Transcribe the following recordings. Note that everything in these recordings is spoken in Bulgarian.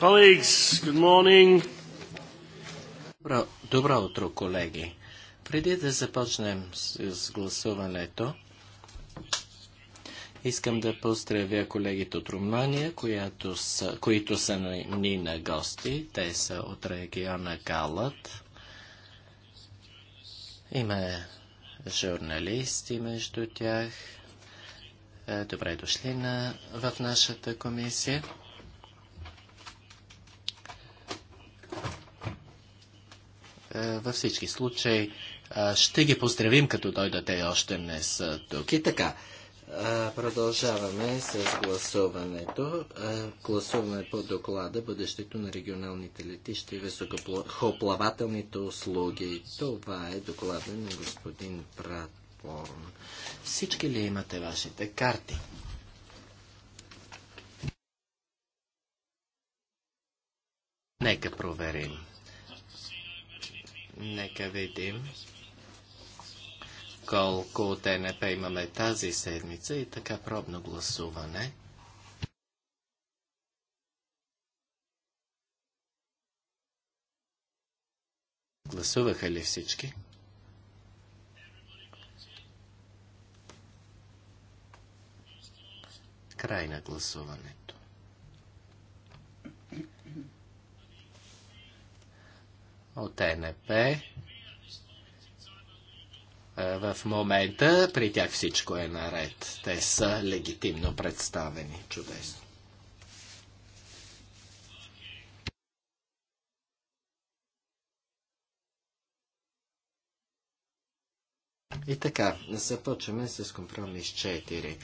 Colleagues, good morning. Добро, утро, колеги. Преди да започнем с, гласуването, искам да поздравя колегите от Румъния, които са ни на гости. Те са от региона Галат. Има журналисти между тях. Е, добре дошли в нашата комисия. Е, във всички случаи е, ще ги поздравим, като дойдате още днес е, тук. И така, продължаваме с гласуването. Гласуваме по доклада бъдещето на регионалните летища и високоплавателните услуги. Това е доклада на господин Братборн. Всички ли имате вашите карти? Нека проверим. Нека видим колко от имаме тази седмица и така пробно гласуване. Гласуваха ли всички? Край на гласуването. от ЕНП. Е, в момента при тях всичко е наред. Те са легитимно представени. Чудесно. И така, започваме с компромис 4.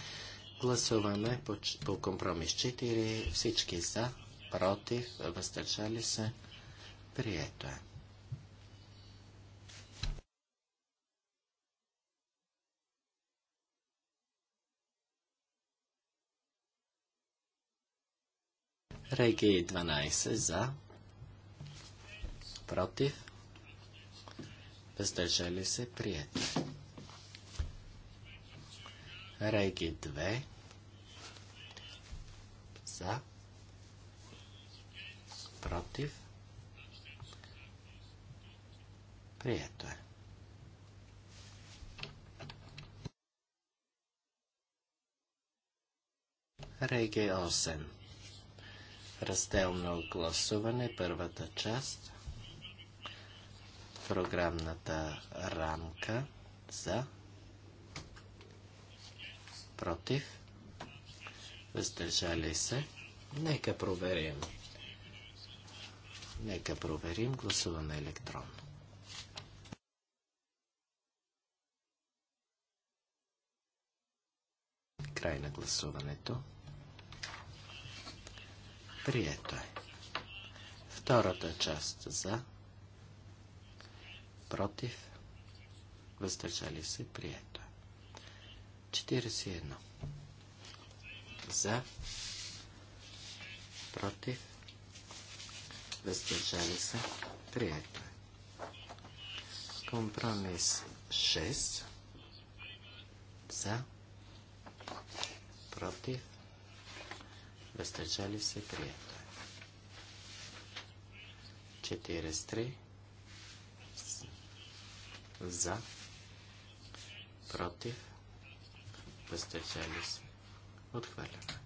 Гласуваме по, по компромис 4. Всички за, против, въздържали се. Прието е. Реги 12 за, против, въздържали се, прият. Реги 2 за, против, прието е. Реги 8 разделно гласуване, първата част, програмната рамка за, против, въздържали се. Нека проверим. Нека проверим гласуване електронно. Край на гласуването. Прието е. Втората част за. Против. Въздържали се. Прието е. 41. За. Против. Въздържали се. Прието е. Компромис 6. За. Против въздържали се, прието е. 43 за, против, въздържали се, отхвърляме.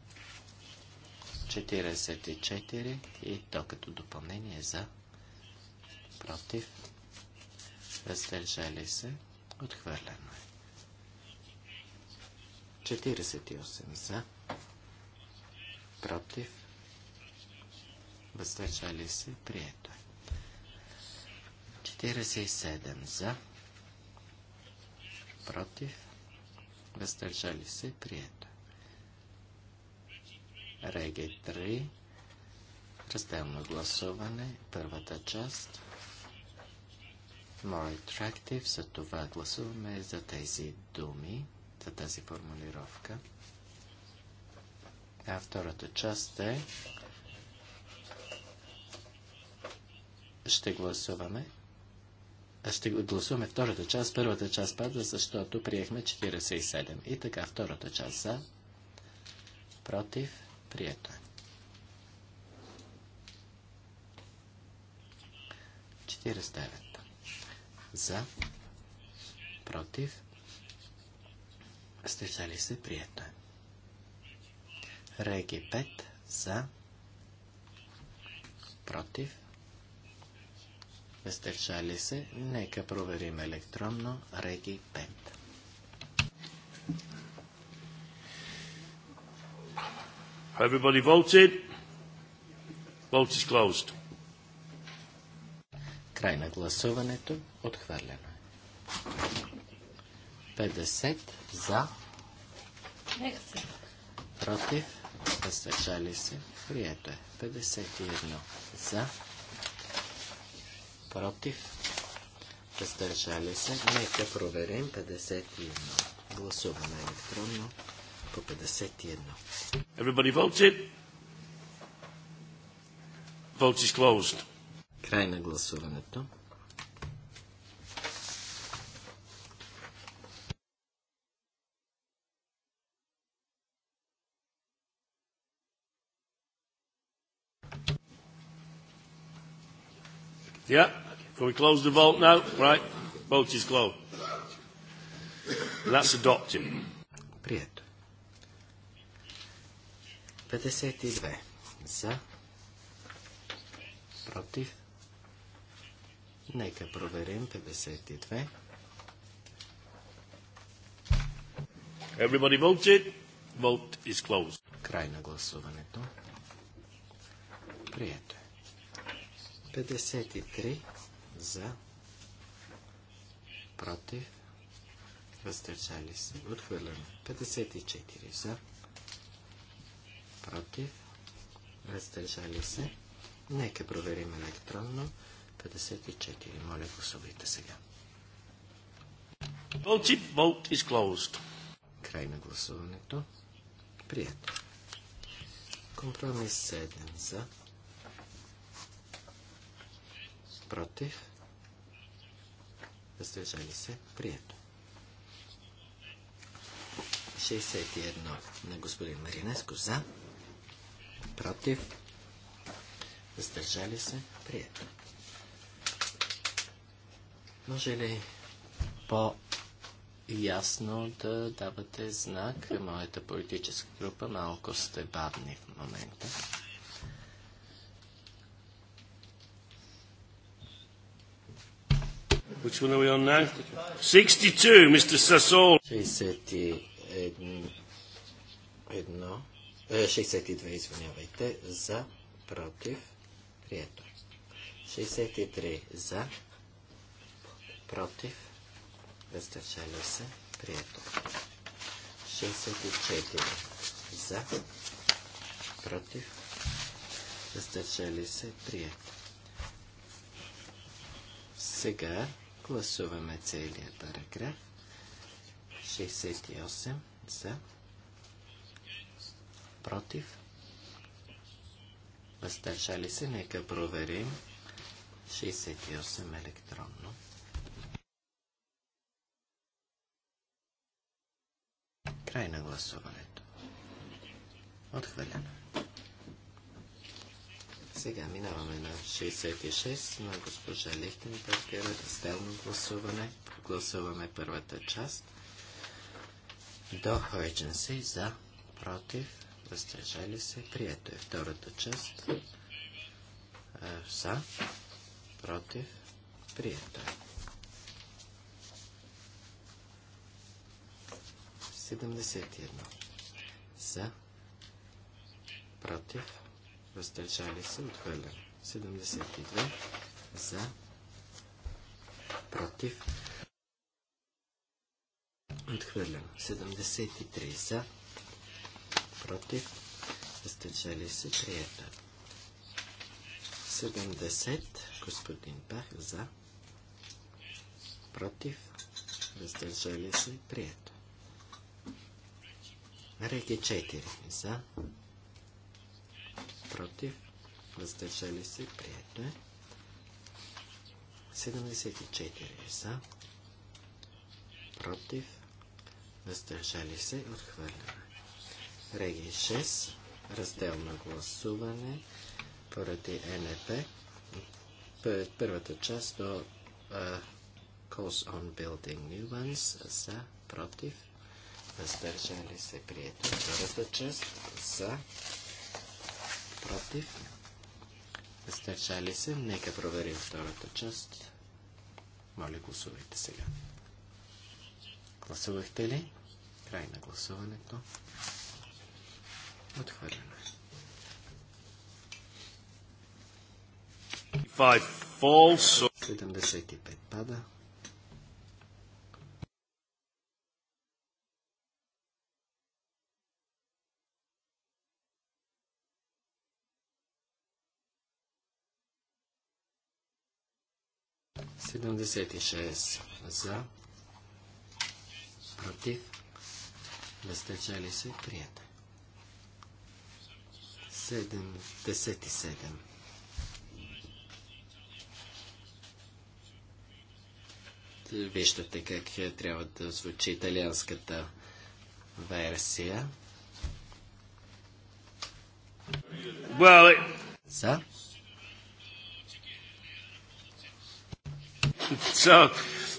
44 и то като допълнение е за, против, въздържали се, отхвърляно е. 48 за, против, въздържали се, прието 47 е. за, против, въздържали се, прието е. Реге 3, разделно гласуване, първата част, more attractive, за това гласуваме за тези думи, за тази формулировка. А втората част е ще гласуваме. Ще гласуваме втората част. Първата част пада, защото приехме 47. И така, втората част за. Против. Прието е. 49. За. Против. стежали се. Прието е. Реги 5 за. Против. Въздържали се. Нека проверим електронно. Реги 5. Everybody voted. Vote is closed. Край на гласуването. Отхвърлено 50 е. за. Против въздържали се, прието е. 51 за, против, въздържали се. Нека проверим 51. Гласуваме електронно по 51. Everybody voted. Vote is closed. Край на гласуването. Yeah? Can we close the vote now? Right. Vote is closed. And that's adopted. Прието. 52. За. Против. Нека проверим 52. Everybody voted. Vote is closed. Край на гласуването. Прието 53 за, против, въздържали се, отхвърляме. 54 за, против, въздържали се. Нека проверим електронно. 54. Моля, гласувайте сега. Voted vote is closed. Край на гласуването. Прието. Компромис 7 за. против, въздържали се, прието. 61 на господин Маринеско за, против, въздържали се, прието. Може ли по-ясно да давате знак? Моята политическа група малко сте бавни в момента. Which one are we on now? 62, Mr. Sassol. 61. 62, е, извинявайте. За, против, прието. 63 за, против, въздържали се, прието. 64 за, против, въздържали се, прието. Сега Гласуваме целият параграф. 68 за. Против. Въздържали се. Нека проверим. 68 електронно. Край на гласуването. Отхвърлено. Сега минаваме на 66 на госпожа Лихтенбергер. Разделно гласуване. Гласуваме първата част. До Хойдженси за, против, въздържали се. Прието е втората част. За, против, прието е. 71. За, против, въздържали се, отхвърля. 72 за, против, отхвърля. 73 за, против, въздържали се, приета. 70, господин Бах, за, против, въздържали се, прието. Реки 4, за, против, въздържали се, прието е. 74 за, против, въздържали се, отхвърляме. Реги 6, раздел на гласуване поради НП. Първата част до uh, Calls on Building New Ones за, против, въздържали се, прието. Е. Втората част за, против, въздържали се. Нека проверим втората част. Моля, гласувайте сега. Гласувахте ли? Край на гласуването. Отхвърляме. 75 пада. 76 за, против, въздържали се, приятели. 77 Виждате как трябва да звучи италианската версия. Well, it... За so,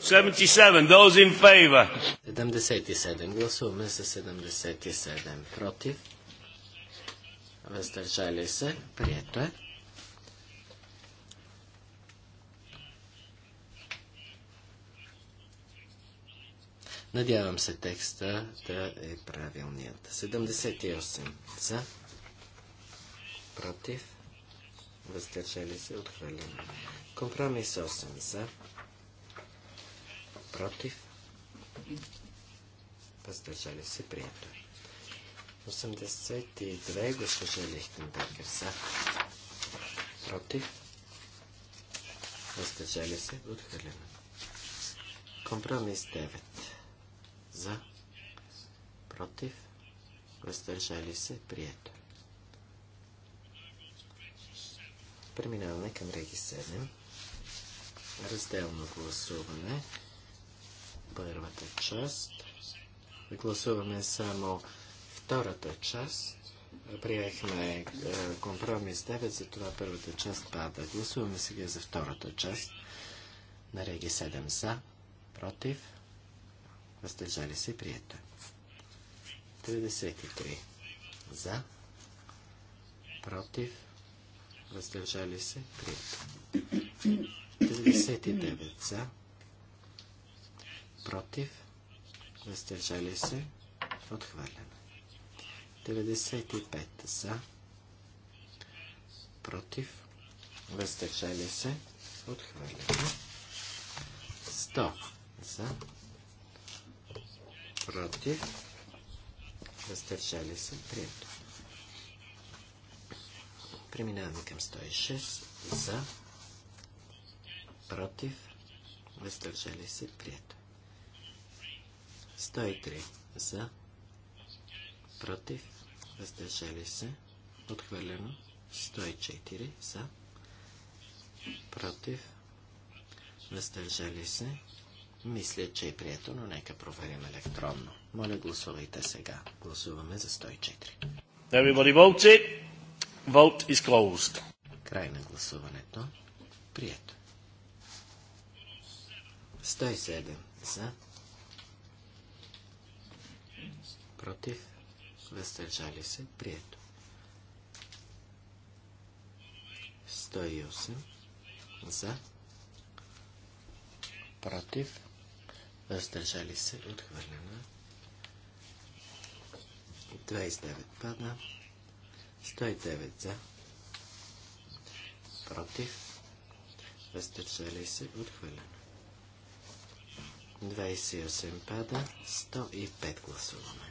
77. Those in favor. 77. Гласуваме за 77. Против. Въздържали се. Прието е. Надявам се текста да е правилният. 78 за, против, въздържали се, отхвърлено. Компромис 8 за, против, въздържали се, прието. 82, госпожа Лихтенбергер, за, против, въздържали се, отхвърлено. Компромис 9, за, против, въздържали се, прието. Преминаваме към реги 7. Разделно гласуване първата част. Гласуваме само втората част. Приехме е, компромис 9, затова първата част пада. Гласуваме сега за втората част. На реги 7 за, против, въздържали се, прието. 33 за, против, въздържали се, прието. 39 за, против, въздържали се, отхвърляме. 95 за, против, въздържали се, отхвърляме. 100 за, против, въздържали се, прието. Преминаваме към 106 за, против, въздържали се, прието. 103 за, против, въздържали се, отхвърлено. 104 за, против, въздържали се. Мисля, че е прието, но нека проверим електронно. Моля, гласувайте сега. Гласуваме за 104. Everybody voted. Vote is closed. Край на гласуването. Прието. 107 за. против, въздържали се, прието. 108 за, против, въздържали се, отхвърлено. 29 пада, 109 за, против, въздържали се, отхвърлено. 28 пада, 105 гласуваме.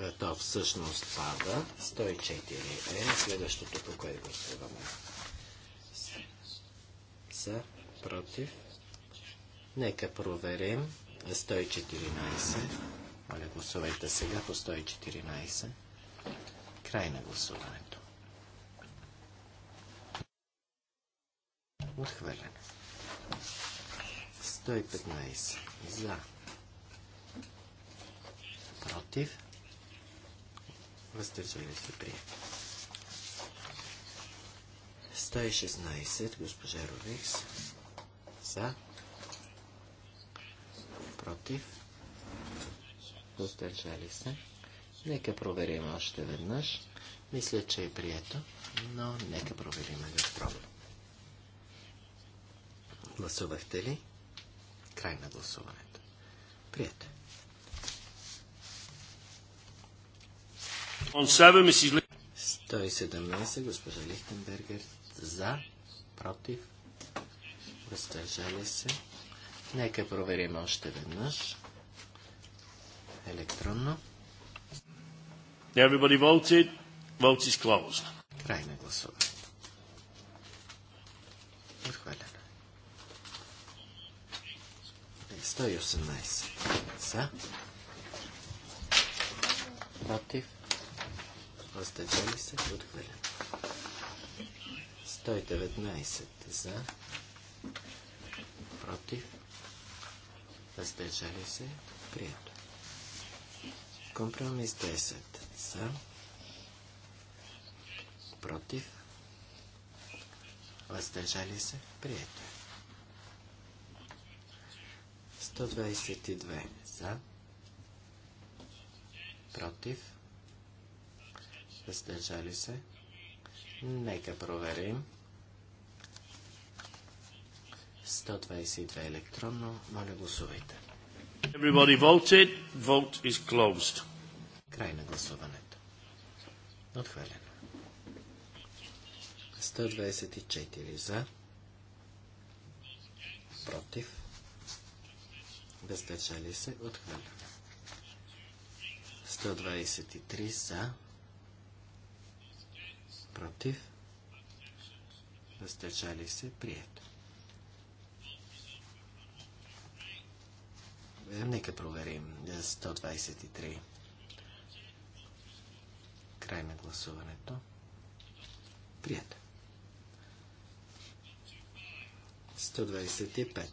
Е, то всъщност пада. 104 е следващото, по което гласуваме. За, против. Нека проверим. 114. Моля, гласувайте сега по 114. Край на гласуването. Отхвърляне. 115. За. Против въздържали се при. 116, госпожа Ровикс, за, против, въздържали се. Нека проверим още веднъж. Мисля, че е прието, но нека проверим електронно. Гласувахте ли? Край на гласуването. Прието. 117, госпожа Лихтенбергер, за, против, въздържали се. Нека проверим още веднъж. Електронно. Everybody voted. Vote is closed. Край на гласуване. Отхвалено. 118 е, за. Против въздържали се, отхвърлен. 119 за, против, въздържали се, прието. Компромис 10 за, против, въздържали се, прието. 122 за, против, Въздържали се. Нека проверим. 122 електронно. Моля гласувайте. Everybody voted. Vote is closed. Край на гласуването. Отхвалено. 124 за. Против. Въздържали се. Отхвалено. 123 за против, въздържали се, прието. Е, нека проверим 123. Е, Край на гласуването. Прието. 125.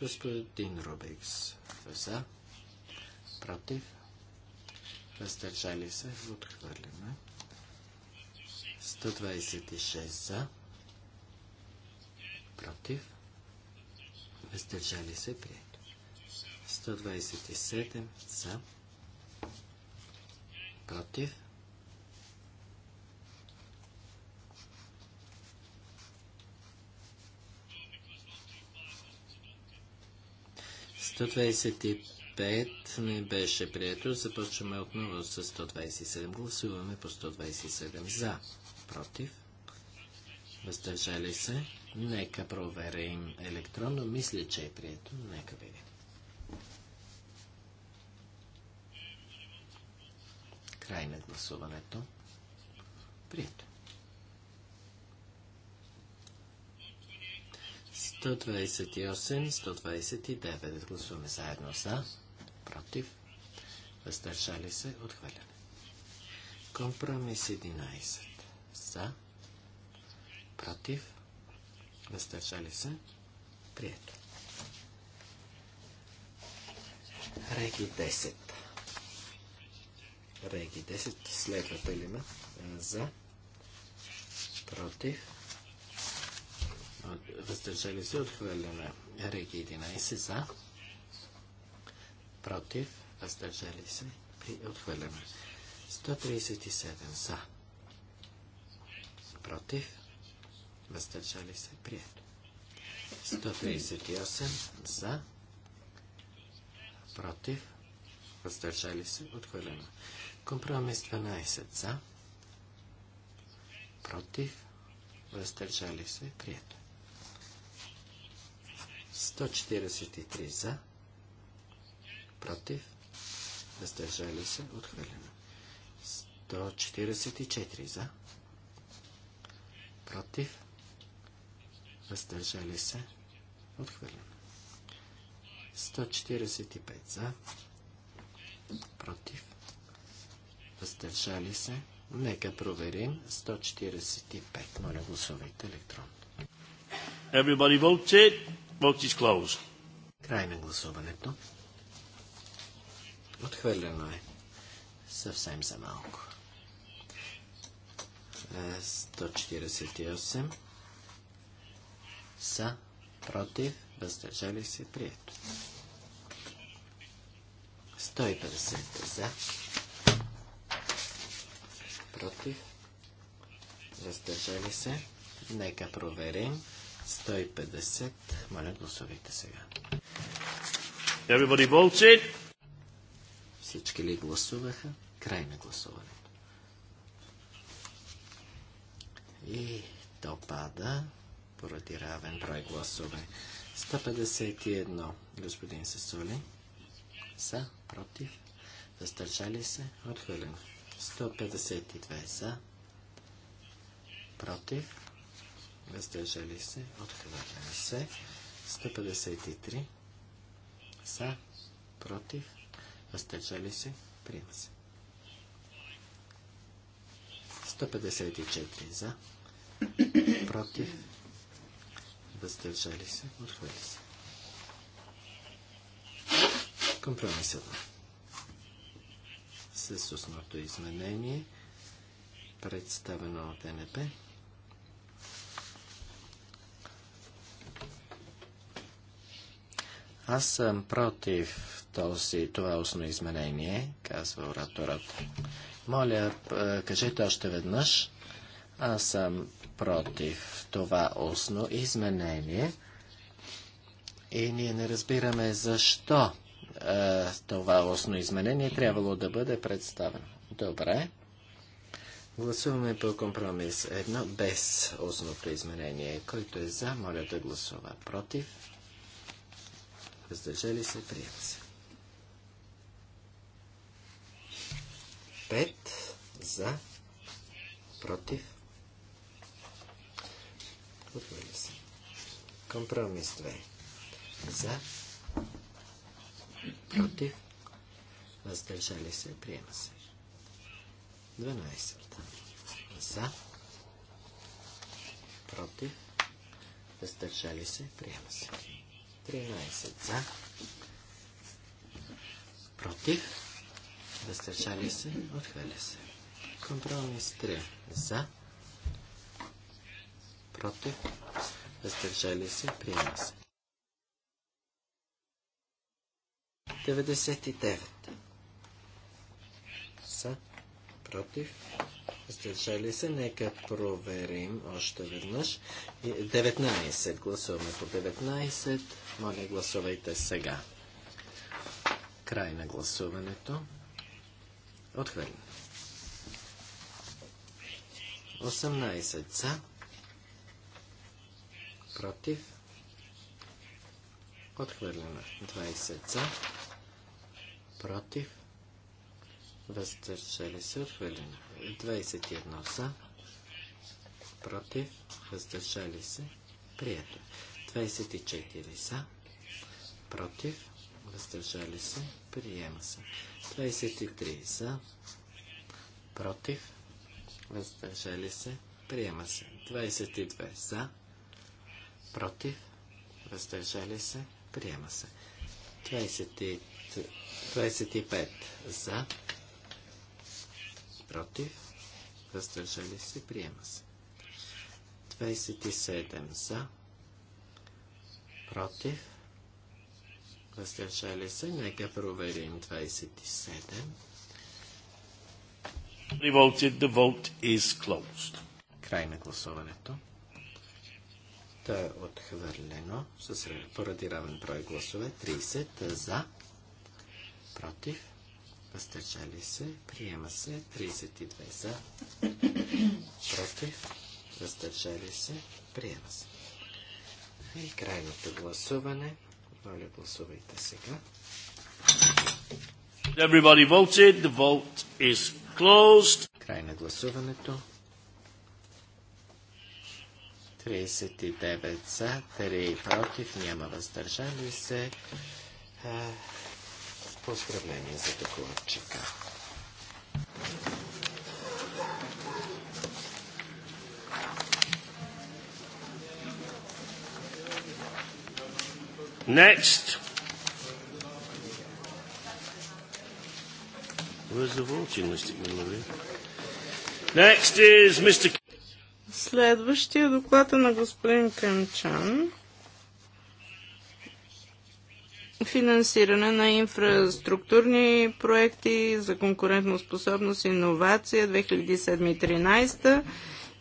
Господин Рубикс. За. Против. Въздържали се. Отхвърляме. 126 за, против, въздържали се, прието. 127 за, против, Сто не беше прието. Започваме отново с 127. Гласуваме по 127 за против, въздържали се. Нека проверим електронно. Мисля, че е прието. Нека видим. Край на гласуването. Прието. 128, 129. Гласуваме заедно за, против, въздържали се, отхвърляне. Компромис 11. За. Против. Въздържали се. Прието. Реги 10. Реги 10. Следвата ме? За. Против. Въздържали се. Отхвърляме. Реги 11. За. Против. Въздържали се. отхвърляме. 137 за против, въздържали се, прието. 138 за, против, въздържали се, отхвърлено. Компромис 12 за, против, въздържали се, прието. 143 за, против, въздържали се, отхвърлено. 144 за, против, въздържали се, отхвърлям. 145 за, против, въздържали се. Нека проверим 145. Моля, гласувайте електронно. Everybody it, Vote is closed. Край на гласуването. Отхвърлено е. Съвсем за малко. 148 Са, против, въздържали се, прието. 150 за, против, въздържали се. Нека проверим. 150. Моля, гласувайте сега. Everybody voted. Всички ли гласуваха? Край на гласуване. и то пада поради равен брой гласове. 151 господин Сесоли са против, въздържали се, отхвърлено. 152 за, против, въздържали се, от се. 153 са против, въздържали се, приема се. 154 за, против, въздържали се, отхвърли се. Компромисът с основното изменение, представено от НП. Аз съм против този, това основно изменение, казва ораторът. Моля, е, кажете още веднъж. Аз съм против това устно изменение и ние не разбираме защо е, това устно изменение трябвало да бъде представено. Добре. Гласуваме по компромис едно без устното изменение. Който е за, моля да гласува против. Въздържали се, приема се. 5 за, против, отхвърля се. Компромис 2 за, против, въздържали се, приема се. 12 за, против, въздържали се, приема се. 13 за, против, въздържали се, отхвърля се. Компромис 3 за, против, въздържали се, приема се. 99 за, против, въздържали се. Нека проверим още веднъж. 19. Гласуваме по 19. Моля, гласувайте сега. Край на гласуването. Отхвърлено. 18 за. Против. Отхвърлено. 20 за. Против. Въздържали се. Отхвърлено. 21 за. Против. Въздържали се. Прието. 24 за. Против. Въздържали се. Приема се. 23 за, против, въздържали се, приема се. 22 за, против, въздържали се, приема се. 20, 25 за, против, въздържали се, приема се. 27 за, против, въздържали се. Нека проверим 27. Revolted. The vote is closed. Край на гласуването. Та е отхвърлено с поради равен брой гласове. 30 за, против, въздържали се, приема се. 32 за, против, въздържали се, приема се. И крайното гласуване. Моля, гласувайте сега. Everybody voted. The vote is closed. Край на гласуването. 39 за, 3 против, няма въздържали се. Поздравление за докладчика. Next. Where's the voting list Next is Mr. Следващия доклад е на господин Кемчан. Финансиране на инфраструктурни проекти за конкурентоспособност и иновация 2007-2013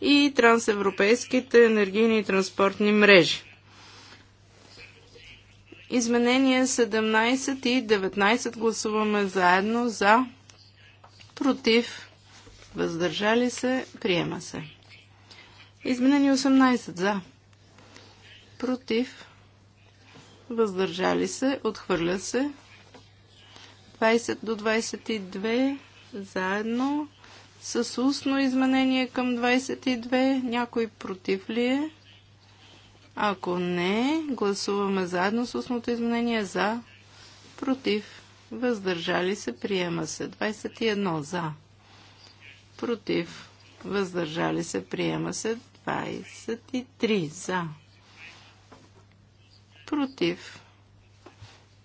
и трансевропейските енергийни и транспортни мрежи. Изменение 17 и 19 гласуваме заедно за, против, въздържали се, приема се. Изменение 18 за, против, въздържали се, отхвърля се. 20 до 22 заедно с устно изменение към 22. Някой против ли е? Ако не, гласуваме заедно с устното изменение за, против, въздържали се, приема се. 21 за, против, въздържали се, приема се. 23 за, против,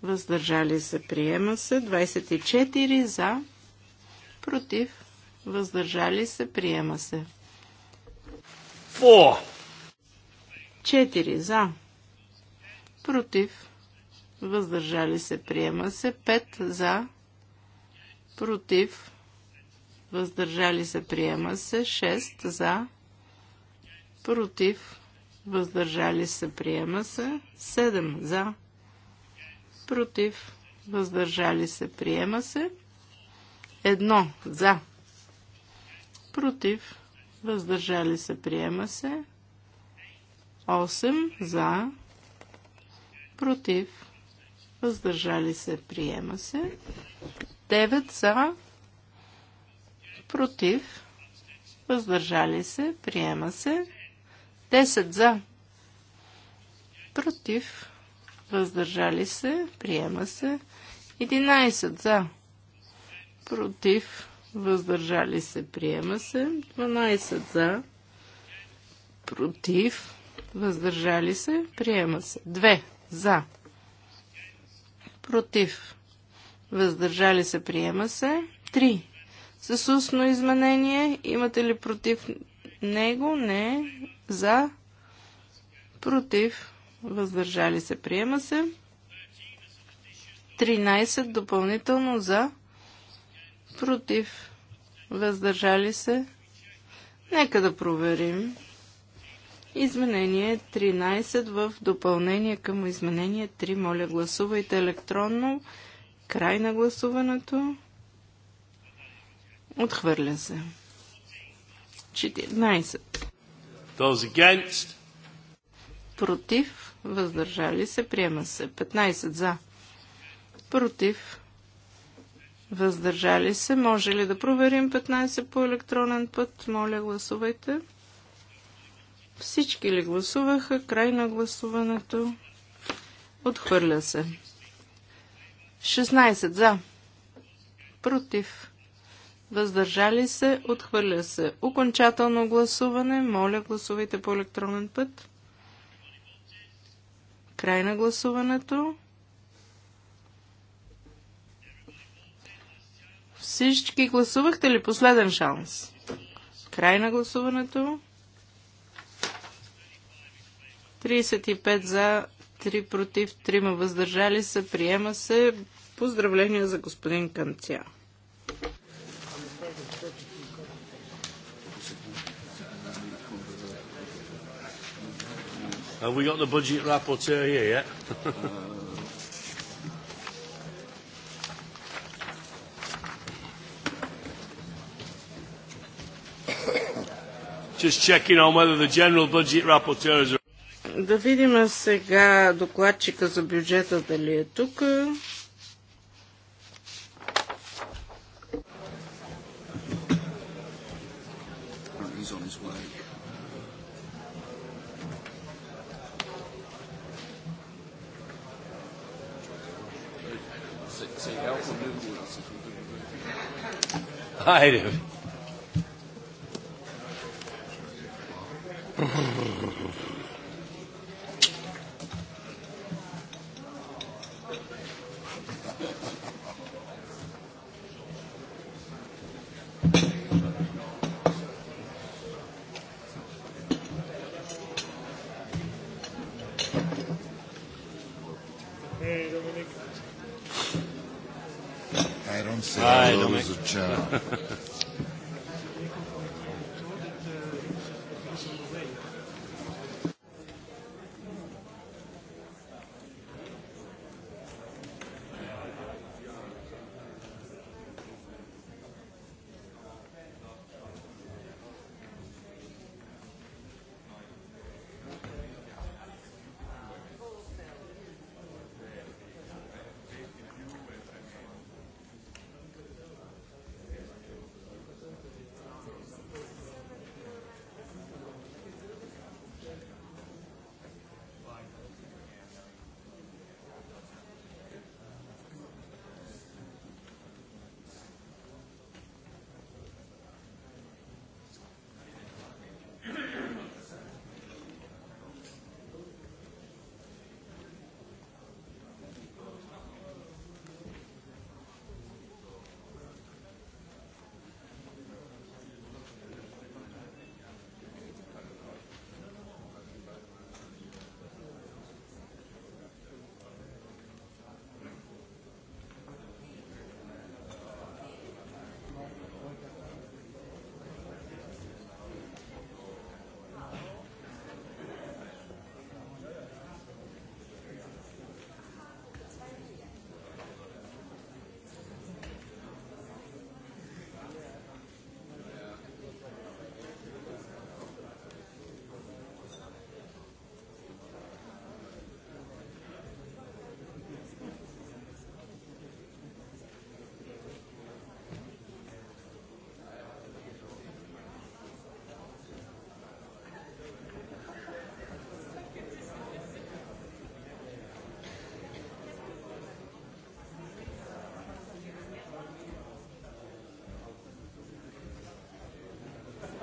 въздържали се, приема се. 24 за, против, въздържали се, приема се. 4. 4 за, против, въздържали се, приема се. 5 за, против, въздържали се, приема се. 6 за, против, въздържали се, приема се. 7 за, против, въздържали се, приема се. 1 за, против, въздържали се, приема се. 8 за, против, въздържали се, приема се. 9 за, против, въздържали се, приема се. 10 за, против, въздържали се, приема се. 11 за, против, въздържали се, приема се. 12 за, против, въздържали се, приема се. 2 за, против, въздържали се, приема се. Три. с устно изменение, имате ли против него? Не. За, против, въздържали се, приема се. 13 допълнително за, против, въздържали се. Нека да проверим. Изменение 13 в допълнение към изменение 3. Моля, гласувайте електронно. Край на гласуването. Отхвърля се. 14. Those against. Против. Въздържали се. Приема се. 15 за. Против. Въздържали се. Може ли да проверим 15 по електронен път? Моля, гласувайте. 15. Всички ли гласуваха? Край на гласуването. Отхвърля се. 16 за. Против. Въздържали се. Отхвърля се. Окончателно гласуване. Моля, гласувайте по електронен път. Край на гласуването. Всички гласувахте ли последен шанс? Край на гласуването. 35 за, 3 против, 3 въздържали се. Приема се. Поздравления за господин Канця. Have we got the budget rapporteur here yet? Just checking on whether the general budget rapporteur is да видим сега докладчика за бюджета дали е тук. I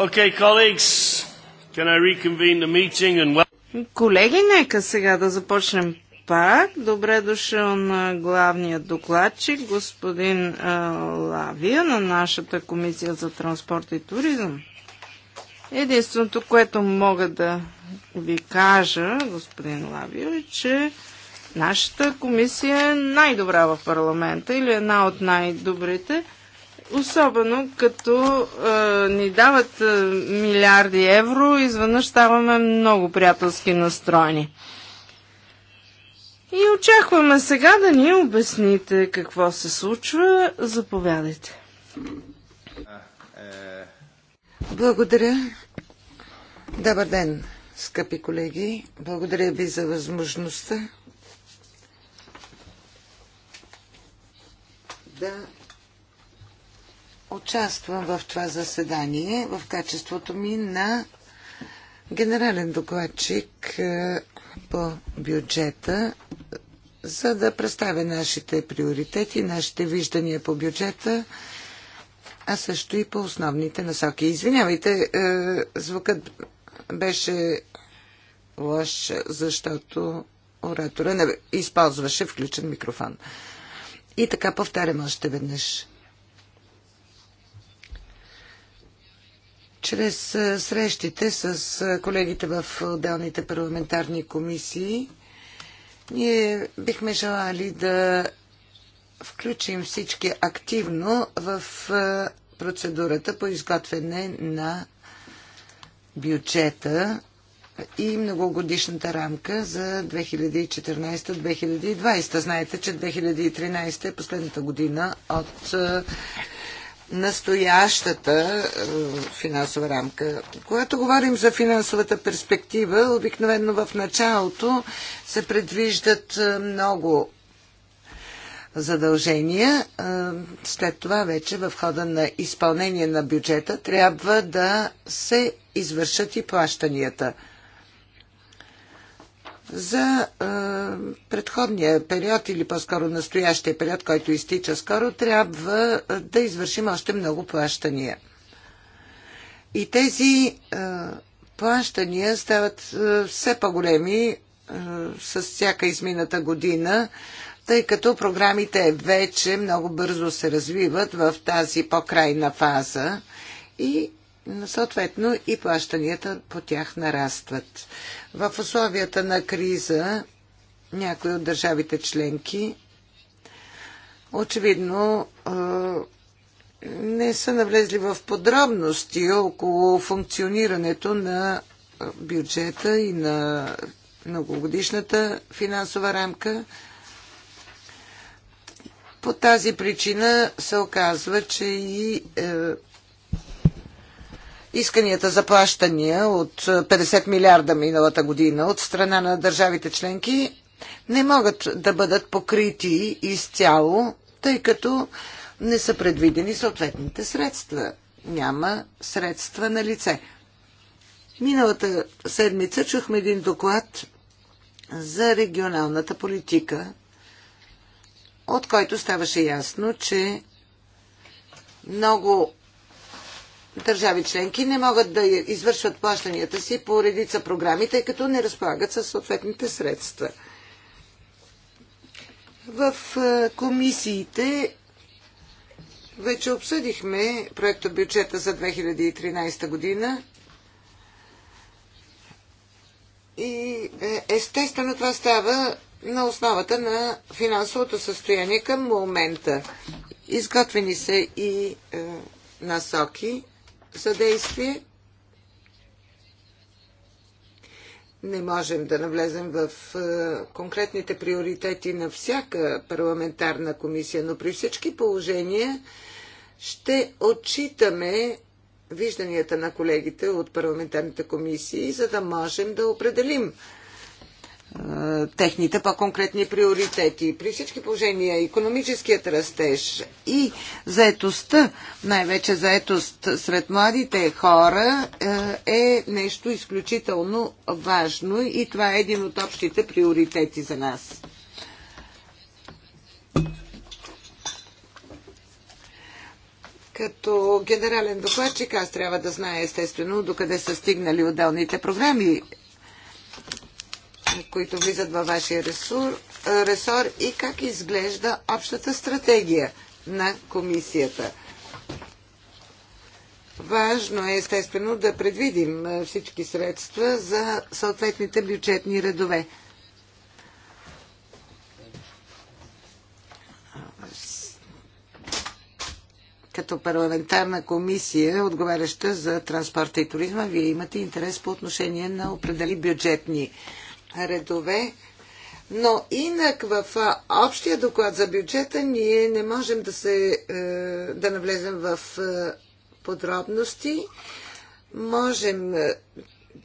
Okay, colleagues, can I reconvene the meeting and Колеги, нека сега да започнем пак. Добре дошъл на главния докладчик, господин а, Лавия, на нашата комисия за транспорт и туризъм. Единственото, което мога да ви кажа, господин Лавио, е, че нашата комисия е най-добра в парламента или една от най-добрите, Особено като е, ни дават е, милиарди евро, изведнъж ставаме много приятелски настроени. И очакваме сега да ни обясните какво се случва. Заповядайте. Благодаря. Добър ден, скъпи колеги. Благодаря ви за възможността да участвам в това заседание в качеството ми на генерален докладчик е, по бюджета, за да представя нашите приоритети, нашите виждания по бюджета, а също и по основните насоки. Извинявайте, е, звукът беше лош, защото оратора не използваше включен микрофон. И така повтарям още веднъж. чрез срещите с колегите в отделните парламентарни комисии. Ние бихме желали да включим всички активно в процедурата по изготвяне на бюджета и многогодишната рамка за 2014-2020. Знаете, че 2013 е последната година от настоящата е, финансова рамка. Когато говорим за финансовата перспектива, обикновено в началото се предвиждат е, много задължения. Е, след това вече в хода на изпълнение на бюджета трябва да се извършат и плащанията за а, е, предходния период или по-скоро настоящия период, който изтича скоро, трябва е, да извършим още много плащания. И тези а, е, плащания стават а, все по-големи с всяка измината година, тъй като програмите вече много бързо се развиват в тази по-крайна фаза и съответно и плащанията по тях нарастват. В условията на криза някои от държавите членки очевидно не са навлезли в подробности около функционирането на бюджета и на многогодишната финансова рамка. По тази причина се оказва, че и е, исканията за плащания от 50 е, милиарда миналата година от страна на държавите членки не могат да бъдат покрити изцяло, тъй като не са предвидени съответните средства. Няма средства на лице. Миналата седмица чухме един доклад за регионалната политика, от който ставаше ясно, че много държави членки не могат да извършват плащанията си по редица програми, тъй като не разполагат със съответните средства. В е, комисиите вече обсъдихме проекта бюджета за 2013 година и е, естествено това става на основата на финансовото състояние към момента. Изготвени са и е, насоки за действие. Не можем да навлезем в е, конкретните приоритети на всяка парламентарна комисия, но при всички положения ще отчитаме вижданията на колегите от парламентарните комисии, за да можем да определим е, техните по-конкретни приоритети. При всички положения економическият растеж и заетостта, най-вече заетост сред младите хора е, е нещо изключително важно и това е един от общите приоритети за нас. Като генерален докладчик аз трябва да знае естествено докъде са стигнали отделните програми които влизат във вашия ресур, ресор и как изглежда общата стратегия на комисията. Важно е, естествено, да предвидим всички средства за съответните бюджетни редове. като парламентарна комисия, отговаряща за транспорта и туризма, вие имате интерес по отношение на определени бюджетни редове. Но инак в общия доклад за бюджета ние не можем да, се, е, да навлезем в е, подробности. Можем е,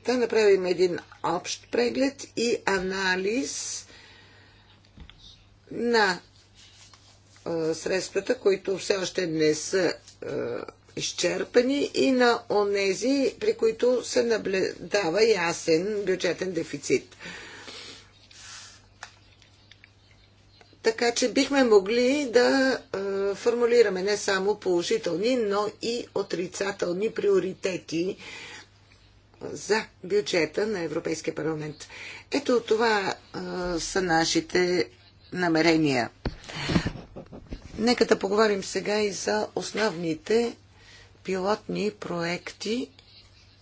да направим един общ преглед и анализ на средствата, които все още не са изчерпани и на онези, при които се наблюдава ясен бюджетен дефицит. Така че бихме могли да е, формулираме не само положителни, но и отрицателни приоритети за бюджета на Европейския парламент. Ето това е, са нашите намерения. Нека да поговорим сега и за основните пилотни проекти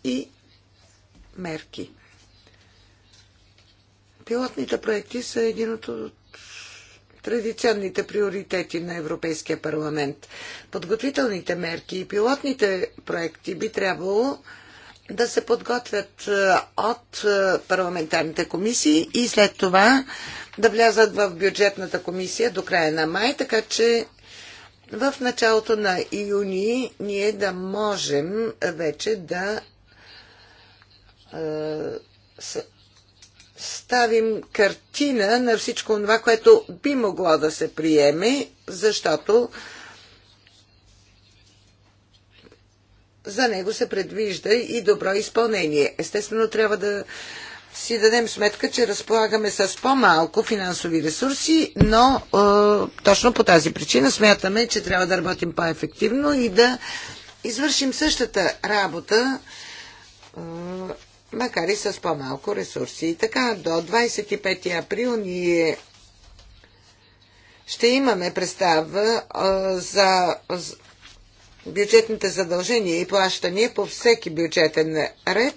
и мерки. Пилотните проекти са един от традиционните приоритети на Европейския парламент. Подготвителните мерки и пилотните проекти би трябвало да се подготвят е, от е, парламентарните комисии и след това да влязат в бюджетната комисия до края на май, така че в началото на юни ние да можем вече да ставим картина на всичко това, което би могло да се приеме, защото за него се предвижда и добро изпълнение. Естествено, трябва да си дадем сметка, че разполагаме с по-малко финансови ресурси, но е, точно по тази причина смятаме, че трябва да работим по-ефективно и да извършим същата работа, е, макар и с по-малко ресурси. И така, до 25 април ние ще имаме представа е, за бюджетните задължения и плащания по всеки бюджетен ред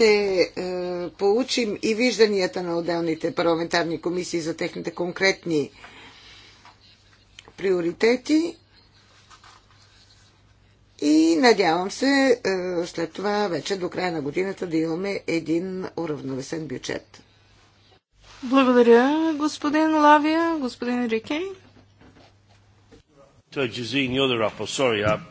ще е, получим и вижданията на отделните парламентарни комисии за техните конкретни приоритети и надявам се е, след това вече до края на годината да имаме един уравновесен бюджет. Благодаря, господин Лавия, господин Рикей. To Jazeen, you're the rapper. Sorry, I'm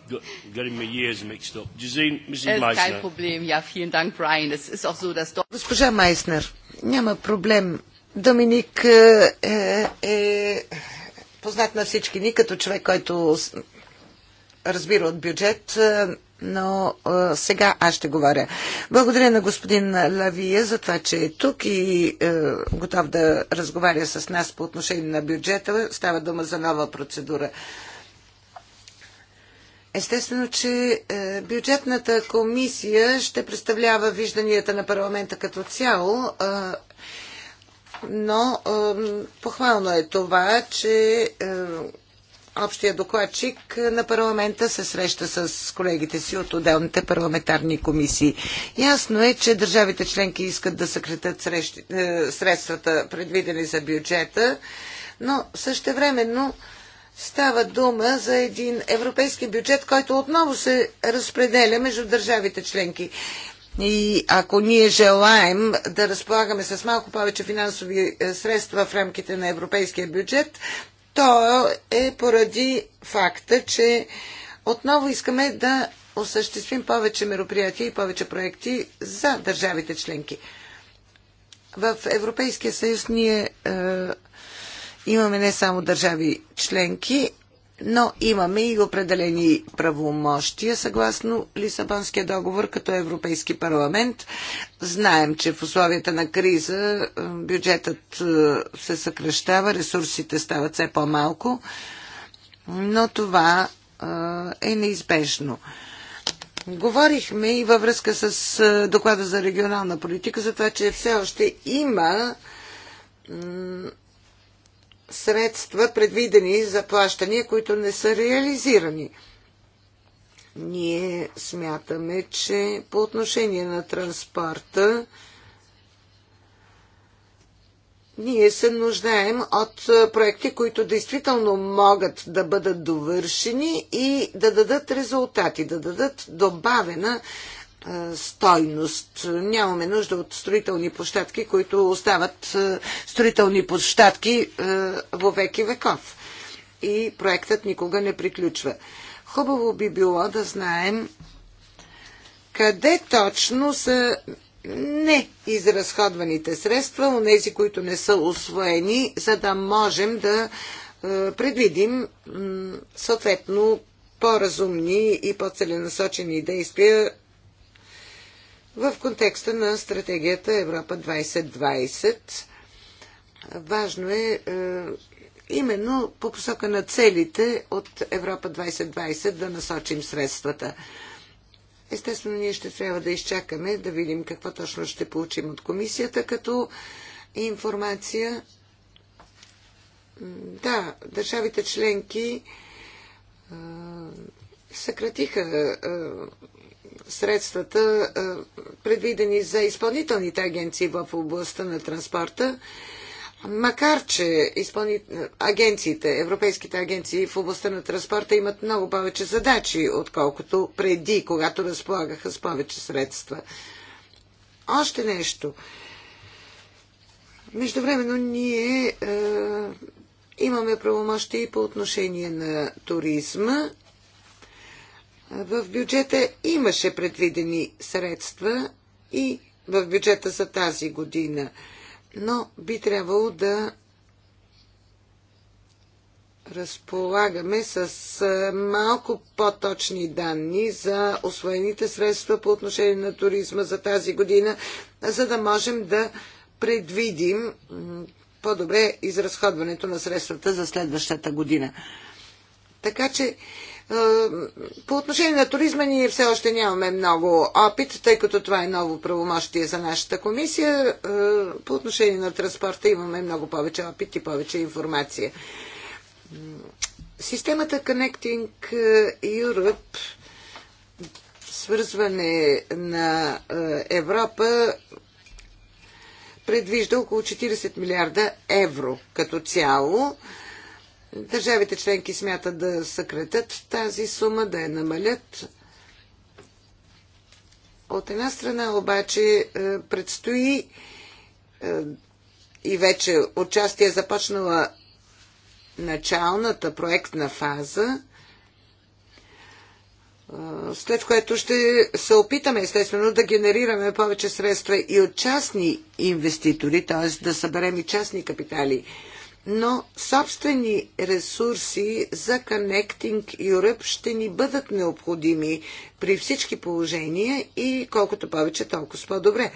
getting my years mixed up. Jazeen, Mrs. Eh, Meissner. Kein Problem, ja, vielen Dank, Brian. Es ist auch so, dass... Госпожа Майснер, няма проблем. Доминик е, е, е, познат на всички ни като човек, който разбира от бюджет, е, но е, сега аз ще говоря. Благодаря на господин Лавия за това, че е тук и е, готов да разговаря с нас по отношение на бюджета. Става дума за нова процедура Естествено, че е, бюджетната комисия ще представлява вижданията на парламента като цяло, е, но е, похвално е това, че общия докладчик на парламента се среща с колегите си от отделните парламентарни комисии. Ясно е, че държавите членки искат да съкретат средствата предвидени за бюджета, но същевременно времено Става дума за един европейски бюджет, който отново се разпределя между държавите членки. И ако ние желаем да разполагаме с малко повече финансови е, средства в рамките на европейския бюджет, то е поради факта, че отново искаме да осъществим повече мероприятия и повече проекти за държавите членки. В Европейския съюз ние е, Имаме не само държави членки, но имаме и определени правомощия съгласно Лисабонския договор като Европейски парламент. Знаем, че в условията на криза е, бюджетът е, се съкръщава, ресурсите стават все по-малко, но това е, е неизбежно. Говорихме и във връзка с доклада за регионална политика за това, че все още има средства, предвидени за плащания, които не са реализирани. Ние смятаме, че по отношение на транспорта ние се нуждаем от проекти, които действително могат да бъдат довършени и да дадат резултати, да дадат добавена стойност. Нямаме нужда от строителни площадки, които остават строителни площадки вовек веки веков. И проектът никога не приключва. Хубаво би било да знаем къде точно са изразходваните средства, у нези, които не са освоени, за да можем да предвидим съответно по-разумни и по-целенасочени действия в контекста на стратегията Европа 2020. Важно е, е именно по посока на целите от Европа 2020 да насочим средствата. Естествено, ние ще трябва да изчакаме да видим какво точно ще получим от комисията като информация. Да, държавите членки е, съкратиха е, средствата, предвидени за изпълнителните агенции в областта на транспорта, Макар, че агенциите, европейските агенции в областта на транспорта имат много повече задачи, отколкото преди, когато разполагаха с повече средства. Още нещо. Междувременно ние е, имаме правомощи и по отношение на туризма в бюджета имаше предвидени средства и в бюджета за тази година, но би трябвало да разполагаме с малко по-точни данни за освоените средства по отношение на туризма за тази година, за да можем да предвидим по-добре изразходването на средствата за следващата година. Така че е, по отношение на туризма ние все още нямаме много опит, тъй като това е ново правомощие за нашата комисия. Е, по отношение на транспорта имаме много повече опит и повече информация. Системата Connecting Europe свързване на е, Европа предвижда около 40 милиарда евро като цяло Държавите членки смятат да съкретат тази сума, да я намалят. От една страна обаче е, предстои е, и вече отчасти е започнала началната проектна фаза, е, след което ще се опитаме естествено да генерираме повече средства и от частни инвеститори, т.е. да съберем и частни капитали но собствени ресурси за Connecting Europe ще ни бъдат необходими при всички положения и колкото повече, толкова по-добре.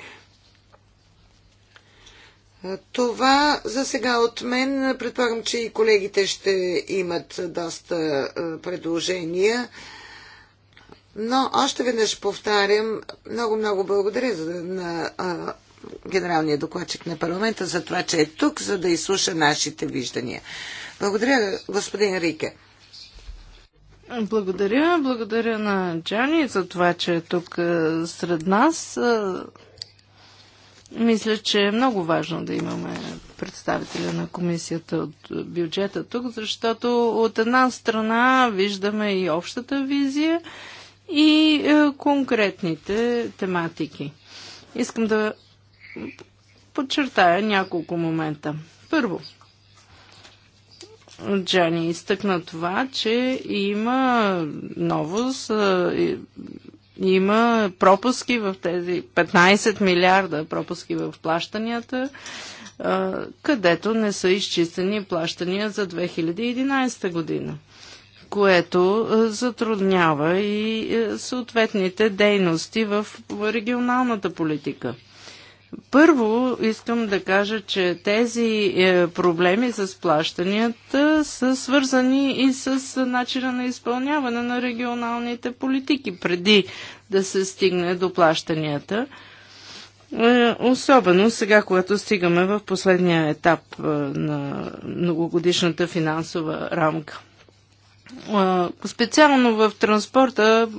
Това за сега от мен. Предполагам, че и колегите ще имат доста е, предложения. Но още веднъж повтарям, много-много благодаря на генералния докладчик на парламента за това, че е тук, за да изслуша нашите виждания. Благодаря, господин Рике. Благодаря. Благодаря на Джани за това, че е тук е, сред нас. Е, мисля, че е много важно да имаме представителя на комисията от бюджета тук, защото от една страна виждаме и общата визия и е, конкретните тематики. Искам да подчертая няколко момента. Първо, Джани изтъкна това, че има новост, има пропуски в тези 15 милиарда пропуски в плащанията, където не са изчистени плащания за 2011 година което затруднява и съответните дейности в регионалната политика. Първо искам да кажа, че тези е, проблеми с плащанията са свързани и с начина на изпълняване на регионалните политики преди да се стигне до плащанията. Е, особено сега, когато стигаме в последния етап е, на многогодишната финансова рамка. Специално в транспорта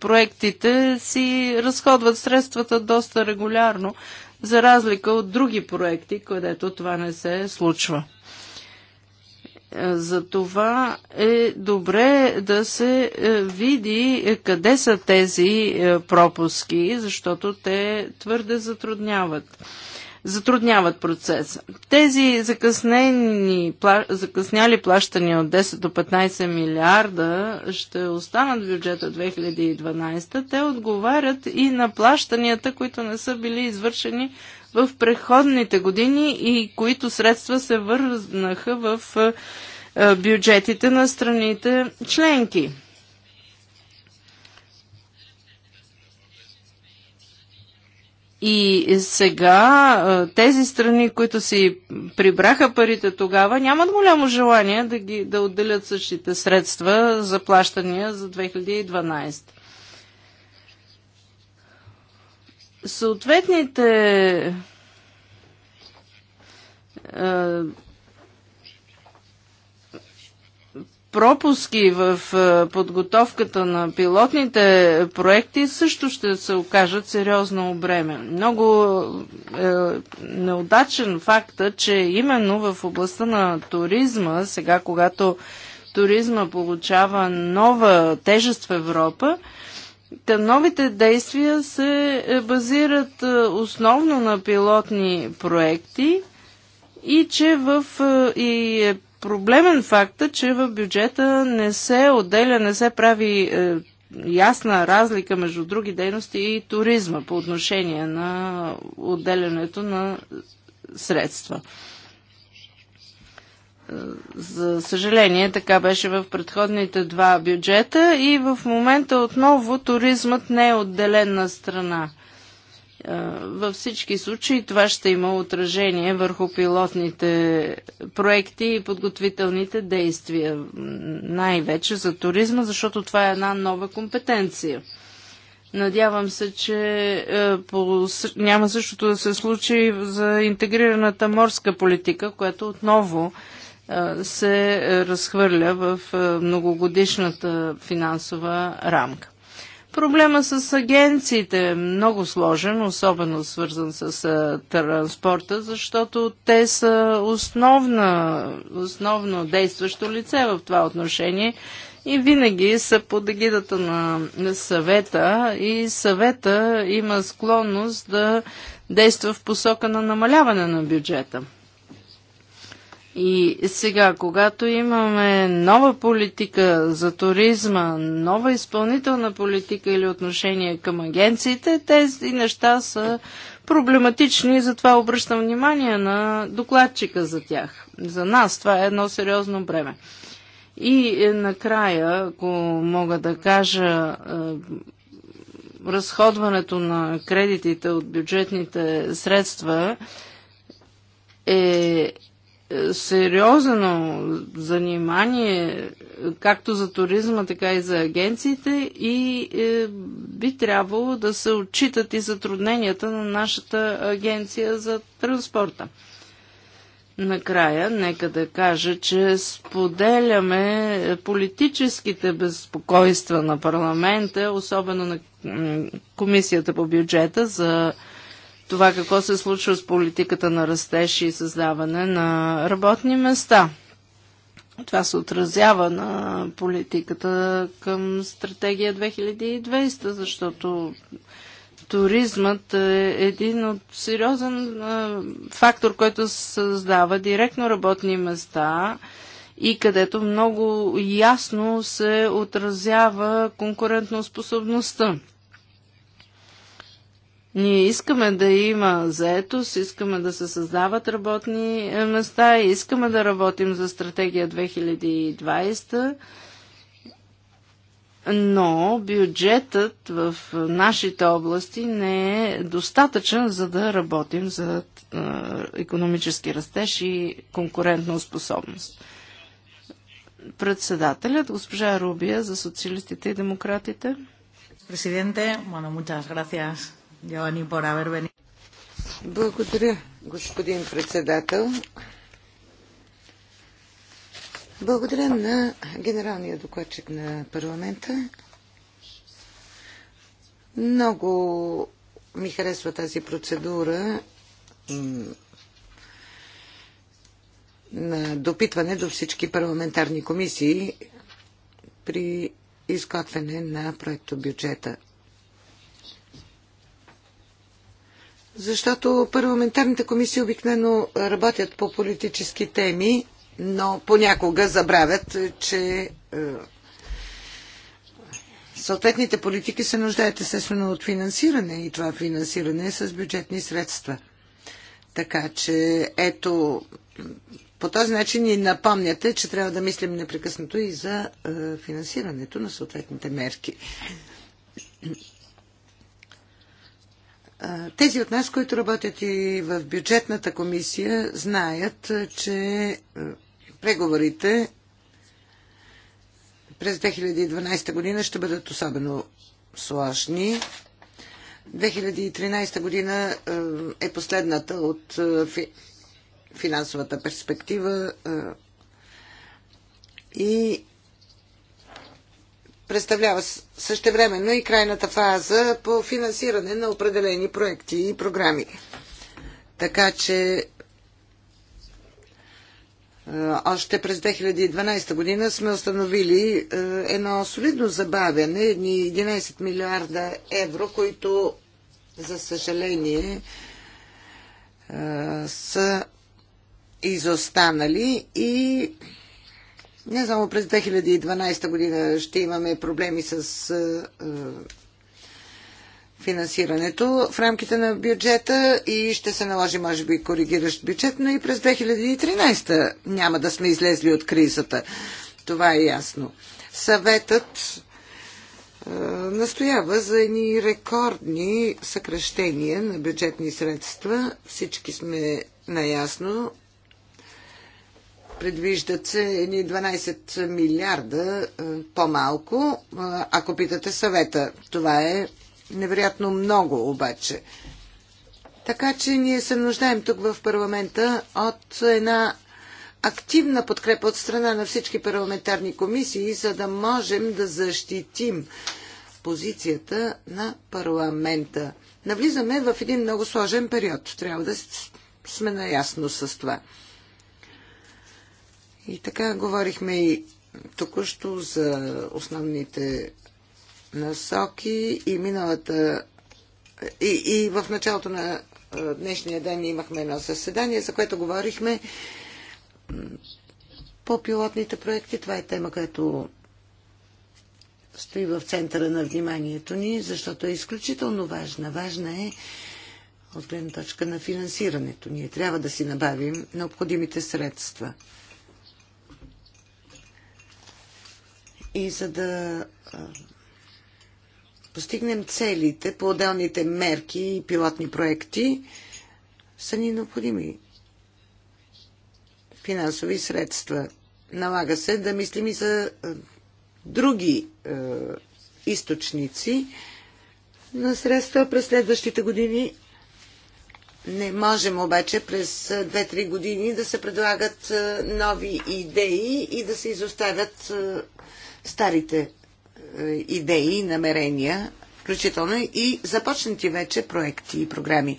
проектите си разходват средствата доста регулярно, за разлика от други проекти, където това не се случва. Е, за това е добре да се е, види е, къде са тези пропуски, защото те твърде затрудняват затрудняват процеса. Тези закъснени, пла, закъсняли плащания от 10 до 15 милиарда ще останат в бюджета 2012. Те отговарят и на плащанията, които не са били извършени в преходните години и които средства се върнаха в е, бюджетите на страните членки. И сега тези страни, които си прибраха парите тогава, нямат голямо желание да, ги, да отделят същите средства за плащания за 2012. Съответните пропуски в е, подготовката на пилотните проекти също ще се окажат сериозно обреме. Много е, неудачен факта, е, че именно в областта на туризма, сега когато туризма получава нова тежест в Европа, новите действия се е, базират основно на пилотни проекти и че в и е проблемен факта, че в бюджета не се отделя, не се прави е, ясна разлика между други дейности и туризма по отношение на отделянето на средства. Е, за съжаление, така беше в предходните два бюджета и в момента отново туризмът не е отделен на страна. Във всички случаи това ще има отражение върху пилотните проекти и подготвителните действия, най-вече за туризма, защото това е една нова компетенция. Надявам се, че е, по, няма същото да се случи за интегрираната морска политика, която отново е, се разхвърля в е, многогодишната финансова рамка. Проблема с агенциите е много сложен, особено свързан с транспорта, защото те са основна, основно действащо лице в това отношение и винаги са под егидата на съвета и съвета има склонност да действа в посока на намаляване на бюджета. И сега, когато имаме нова политика за туризма, нова изпълнителна политика или отношение към агенциите, тези неща са проблематични и затова обръщам внимание на докладчика за тях. За нас това е едно сериозно бреме. И е, накрая, ако мога да кажа, е, разходването на кредитите от бюджетните средства е сериозно занимание както за туризма, така и за агенциите и е, би трябвало да се отчитат и затрудненията на нашата агенция за транспорта. Накрая, нека да кажа, че споделяме политическите безпокойства на парламента, особено на Комисията по бюджета за това какво се случва с политиката на растеж и създаване на работни места. Това се отразява на политиката към стратегия 2020, защото туризмът е един от сериозен фактор, който създава директно работни места и където много ясно се отразява конкурентоспособността. Ние искаме да има заетост, искаме да се създават работни е, места, искаме да работим за стратегия 2020, но бюджетът в нашите области не е достатъчен, за да работим за економически растеж и конкурентна способност. Председателят, госпожа Рубия за социалистите и демократите. Президенте, bueno, muchas gracias благодаря, господин председател. Благодаря на генералния докладчик на парламента. Много ми харесва тази процедура на допитване до всички парламентарни комисии при изготвяне на проекто бюджета. Защото парламентарните комисии обикновено работят по политически теми, но понякога забравят, че е, съответните политики се нуждаят естествено от финансиране и това финансиране е с бюджетни средства. Така че ето по този начин ни напомняте, че трябва да мислим непрекъснато и за е, финансирането на съответните мерки. Тези от нас, които работят и в бюджетната комисия, знаят, че преговорите през 2012 година ще бъдат особено сложни. 2013 година е последната от финансовата перспектива и представлява същевременно и крайната фаза по финансиране на определени проекти и програми. Така че е, още през 2012 година сме установили е, едно солидно забавяне, едни 11 милиарда евро, които за съжаление е, са изостанали и не само през 2012 година ще имаме проблеми с финансирането в рамките на бюджета и ще се наложи, може би, коригиращ бюджет, но и през 2013 няма да сме излезли от кризата. Това е ясно. Съветът е, настоява за едни рекордни съкръщения на бюджетни средства. Всички сме наясно предвиждат се едни 12 милиарда е, по-малко. Е, ако питате съвета, това е невероятно много обаче. Така че ние се нуждаем тук в парламента от една активна подкрепа от страна на всички парламентарни комисии, за да можем да защитим позицията на парламента. Навлизаме в един много сложен период. Трябва да сме наясно с това. И така говорихме и току-що за основните насоки и миналата и, и в началото на днешния ден имахме едно съседание, за което говорихме по пилотните проекти. Това е тема, която стои в центъра на вниманието ни, защото е изключително важна. Важна е от гледна точка на финансирането. Ние трябва да си набавим необходимите средства. И за да постигнем целите по отделните мерки и пилотни проекти, са ни необходими финансови средства. Налага се да мислим и за други източници на средства през следващите години. Не можем обаче през 2-3 години да се предлагат нови идеи и да се изоставят старите е, идеи намерения, включително и започнати вече проекти и програми.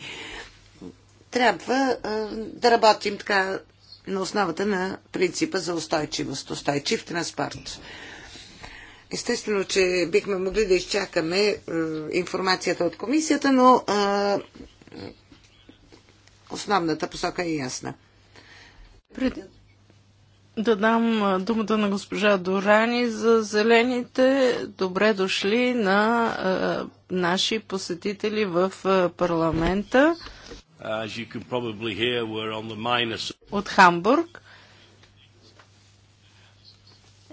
Трябва е, да работим така на основата на принципа за устойчивост, устойчив транспорт. Естествено, че бихме могли да изчакаме е, информацията от комисията, но основната посока е ясна. Пред да дам думата на госпожа Дорани за зелените. Добре дошли на а, наши посетители в а, парламента от Хамбург.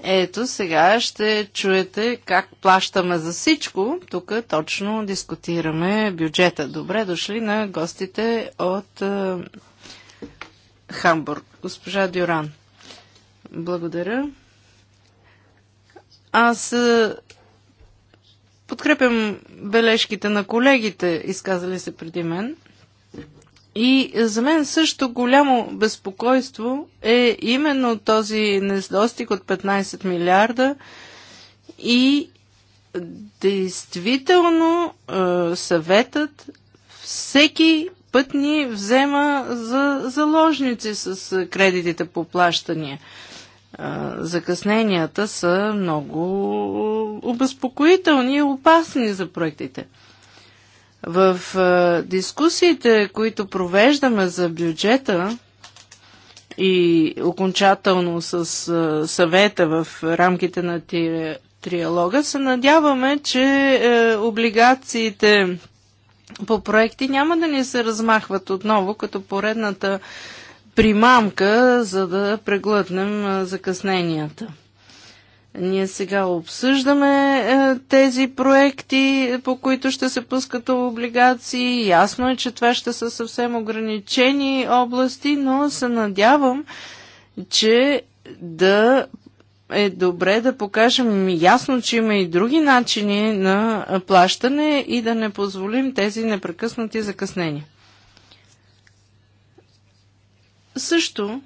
Ето сега ще чуете как плащаме за всичко. Тук точно дискутираме бюджета. Добре дошли на гостите от а, Хамбург. Госпожа Дюран. Благодаря. Аз е, подкрепям бележките на колегите, изказали се преди мен. И за мен също голямо безпокойство е именно този нездостиг от 15 милиарда и действително е, съветът всеки път ни взема за заложници с кредитите по плащания закъсненията са много обезпокоителни и опасни за проектите. В дискусиите, които провеждаме за бюджета и окончателно с съвета в рамките на триалога, се надяваме, че е, облигациите по проекти няма да ни се размахват отново, като поредната примамка, за да преглътнем закъсненията. Ние сега обсъждаме е, тези проекти, по които ще се пускат облигации. Ясно е, че това ще са съвсем ограничени области, но се надявам, че да е добре да покажем ясно, че има и други начини на плащане и да не позволим тези непрекъснати закъснения. Също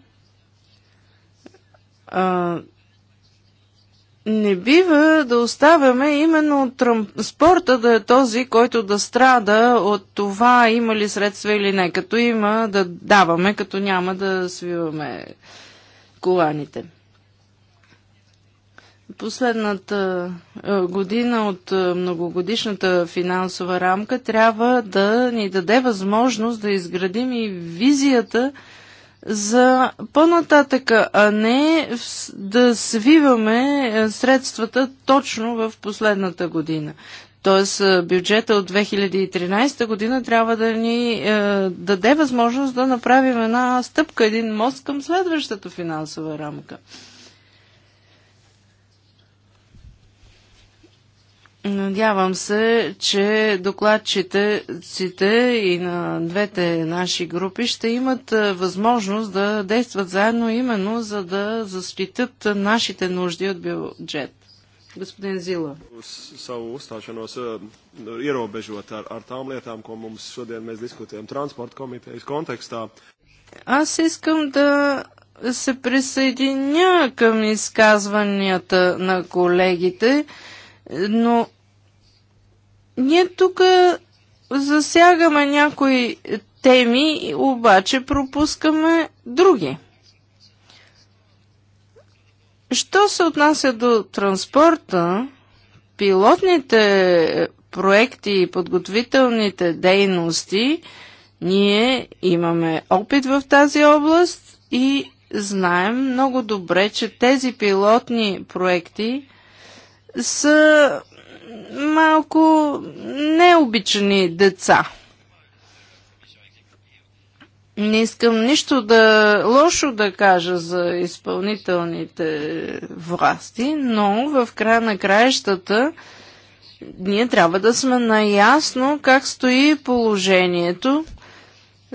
а, не бива да оставяме именно транспорта да е този, който да страда от това има ли средства или не. Като има да даваме, като няма да свиваме коланите. Последната година от многогодишната финансова рамка трябва да ни даде възможност да изградим и визията за по-нататъка, а не да свиваме е, средствата точно в последната година. Тоест е, бюджета от 2013 година трябва да ни е, даде възможност да направим една стъпка, един мост към следващата финансова рамка. Надявам се, че докладчиците и на двете наши групи ще имат е, възможност да действат заедно именно за да защитят нашите нужди от бюджет. Господин Зила. Savu uzstāšanos е, ierobežot ar, ar tām lietām, ko mums šodien mēs diskutējam transporta komitejas kontekstā. Аз искам да се присъединя към изказванията на колегите. Uh, но ние тук засягаме някои теми, обаче пропускаме други. Що се отнася до транспорта, пилотните проекти и подготвителните дейности, ние имаме опит в тази област и знаем много добре, че тези пилотни проекти – са малко необичани деца. Не искам нищо да лошо да кажа за изпълнителните власти, но в края на краищата ние трябва да сме наясно как стои положението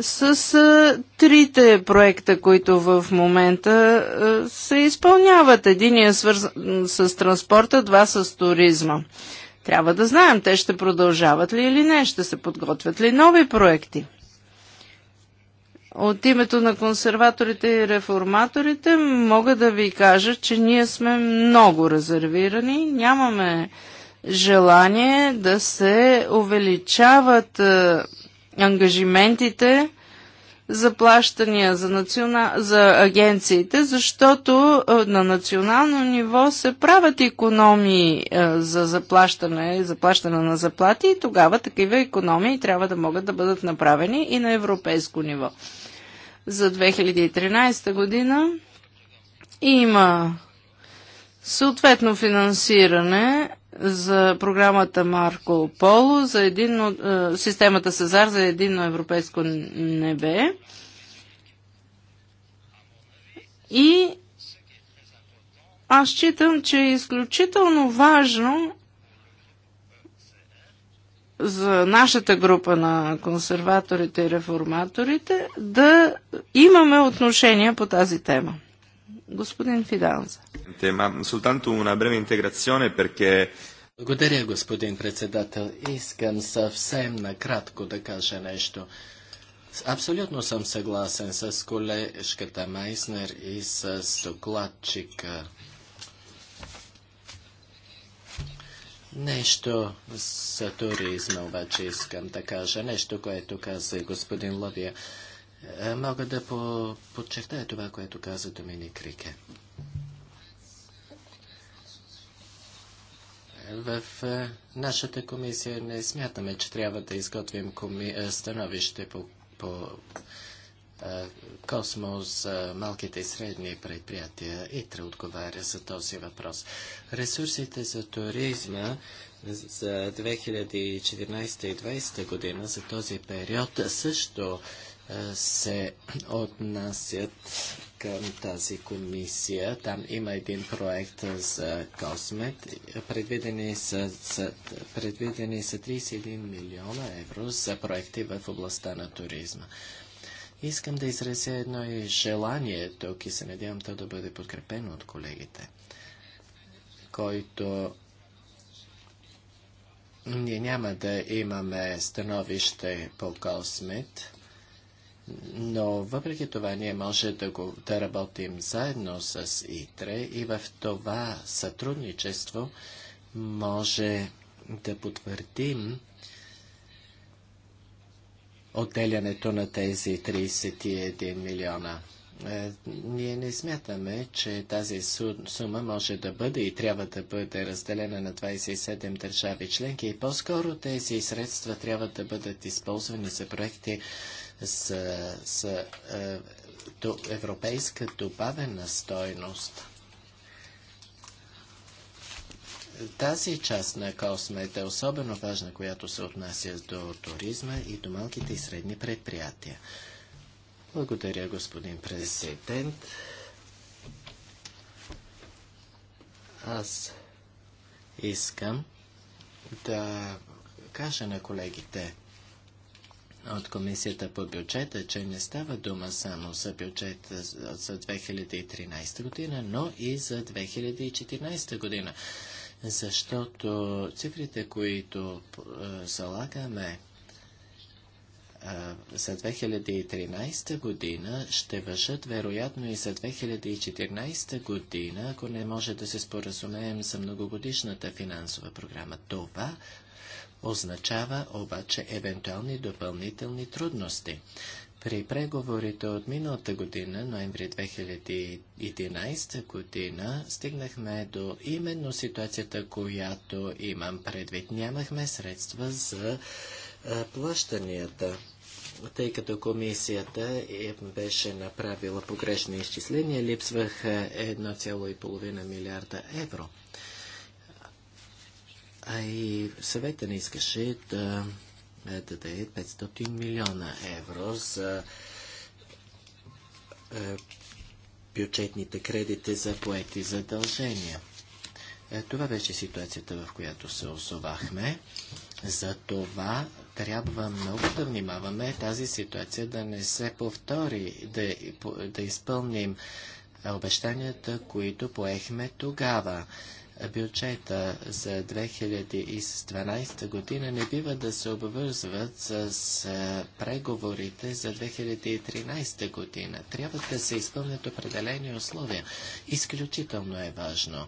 с трите проекта, които в момента се изпълняват. Единият е свързан с транспорта, два с туризма. Трябва да знаем, те ще продължават ли или не, ще се подготвят ли нови проекти. От името на консерваторите и реформаторите мога да ви кажа, че ние сме много резервирани, нямаме желание да се увеличават ангажиментите за плащания за, национа... за агенциите, защото на национално ниво се правят економии за заплащане, заплащане на заплати и тогава такива економии трябва да могат да бъдат направени и на европейско ниво. За 2013 година има съответно финансиране за програмата Марко Поло, за единно, е, системата Сезар за единно европейско небе. И аз считам, че е изключително важно за нашата група на консерваторите и реформаторите да имаме отношения по тази тема. Господин Фиданза. Благодаря, господин председател. Искам съвсем накратко да кажа нещо. Абсолютно съм съгласен с колежката Майснер и с докладчика. Нещо за туризма обаче искам да кажа. Нещо, което каза господин Лавия. Е, мога да по подчертая това, което каза Доминик Рике. В е, нашата комисия не смятаме, че трябва да изготвим коми... Е, становище по, по Космос, малките и средни предприятия. ИТРА отговаря за този въпрос. Ресурсите за туризма за 2014 и 2020 година, за този период, също се отнасят към тази комисия. Там има един проект за Космет. Предвидени са, са, предвидени са 31 милиона евро за проекти в областта на туризма. Искам да изразя едно и желание тук и се надявам то да бъде подкрепено от колегите, който ние няма да имаме становище по Космет, но въпреки това ние може да, го, да работим заедно с ИТРЕ и в това сътрудничество може да потвърдим отделянето на тези 31 милиона. Е, ние не смятаме, че тази сума може да бъде и трябва да бъде разделена на 27 държави членки и по-скоро тези средства трябва да бъдат използвани за проекти, с с е, до европейска добавена стойност. Тази част на космет е особено важна, която се отнася до туризма и до малките и средни предприятия. Благодаря, господин президент. Аз искам да кажа на колегите, от Комисията по бюджета, че не става дума само за бюджет за 2013 година, но и за 2014 година. Защото цифрите, които е, залагаме е, за 2013 година ще въжат вероятно и за 2014 година, ако не може да се споразумеем за многогодишната финансова програма. Това означава обаче евентуални допълнителни трудности. При преговорите от миналата година, ноември 2011 година, стигнахме до именно ситуацията, която имам предвид. Нямахме средства за плащанията, тъй като комисията е, беше направила погрешни изчисления, липсваха 1,5 милиарда евро. А и съвета не искаше да даде 500 милиона евро за е, бюджетните кредити за поети задължения. Е, това беше ситуацията, в която се озовахме. За това трябва много да внимаваме тази ситуация да не се повтори, да, да изпълним обещанията, които поехме тогава бюджета за 2012 година не бива да се обвързват с преговорите за 2013 година. Трябва да се изпълнят определени условия. Изключително е важно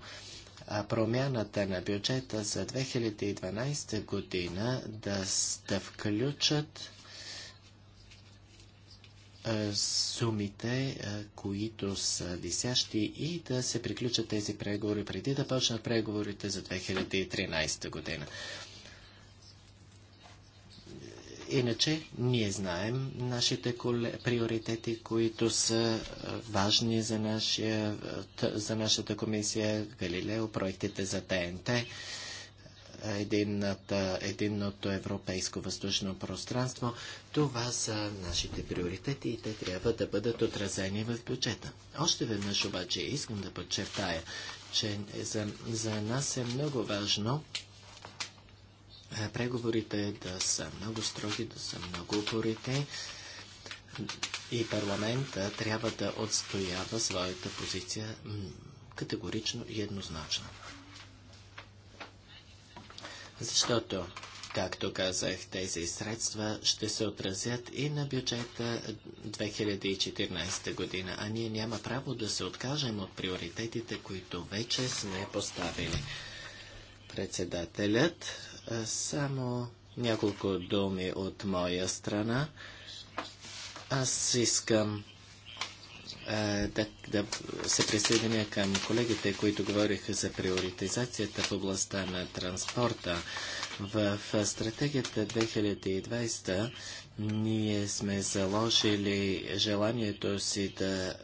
а промяната на бюджета за 2012 година да, да включат е, сумите, е, които са висящи и да се приключат тези преговори преди да почнат преговорите за 2013 година. Иначе ние знаем нашите приоритети, които са е, важни за, нашия, за нашата комисия Галилео, проектите за ТНТ единното европейско въздушно пространство. Това са нашите приоритети и те трябва да бъдат отразени в бюджета. Още веднъж обаче искам да подчертая, че за, за нас е много важно преговорите да са много строги, да са много упорите и парламента трябва да отстоява своята позиция категорично и еднозначно. Защото, както казах, тези средства ще се отразят и на бюджета 2014 година, а ние няма право да се откажем от приоритетите, които вече сме поставили. Председателят, само няколко думи от моя страна. Аз искам да, да се присъединя към колегите, които говориха за приоритизацията в областта на транспорта. В стратегията 2020 ние сме заложили желанието си да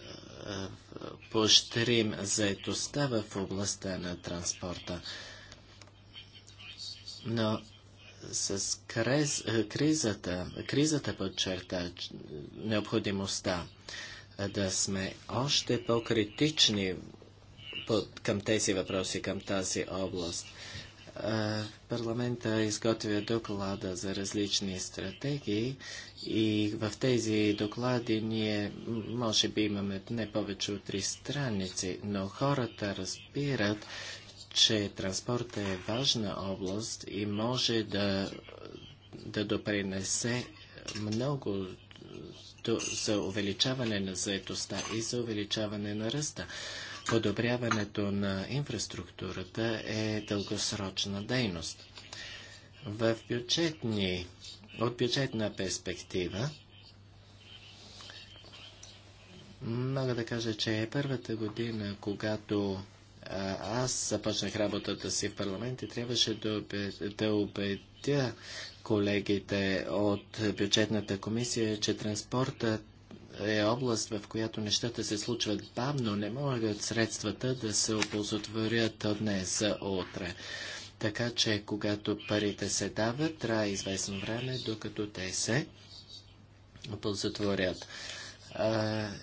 поощрим заетостта в областта на транспорта. Но с криз, кризата, кризата подчерта необходимостта да сме още по-критични към тези въпроси, към тази област. Парламента изготвя доклада за различни стратегии и в тези доклади ние може би имаме не повече от три страници, но хората разбират, че транспорта е важна област и може да, да допринесе много до, за увеличаване на заетостта и за увеличаване на ръста. Подобряването на инфраструктурата е дългосрочна дейност. В бюджетни, от бюджетна перспектива, мога да кажа, че е първата година, когато аз започнах работата си в парламент и трябваше да, да убедя колегите от бюджетната комисия че транспортът е област, в която нещата се случват бавно, не могат средствата да се оползотворят от днес за утре. Така че, когато парите се дават, трябва известно време, докато те се оползотворят.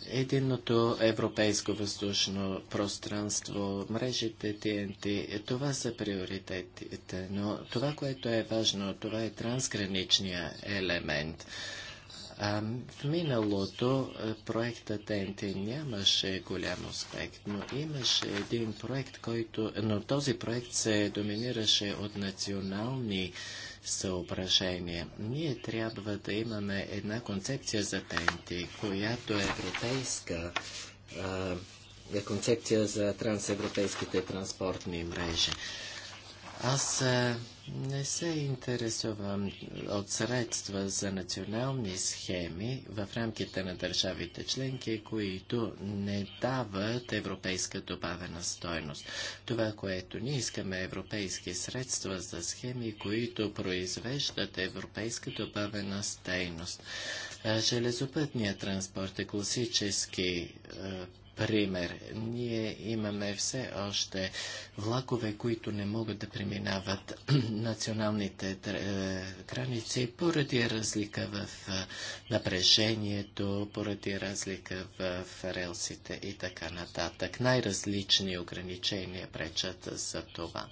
Единното европейско въздушно пространство, мрежите ТНТ, това са приоритетите, но това, което е важно, това е трансграничния елемент. в миналото проекта ТНТ нямаше голям успех, но имаше един проект, който... Но този проект се доминираше от национални съображение. Ние трябва да имаме една концепция за пенти, която е европейска, е концепция за трансевропейските транспортни мрежи. Аз а, не се интересувам от средства за национални схеми в рамките на държавите членки, които не дават европейска добавена стойност. Това, което ние искаме е европейски средства за схеми, които произвеждат европейска добавена стойност. Железопътният транспорт е класически пример. Ние имаме все още влакове, които не могат да преминават националните е, граници поради разлика в е, напрежението, поради разлика в релсите и така нататък. Най-различни ограничения пречат за това.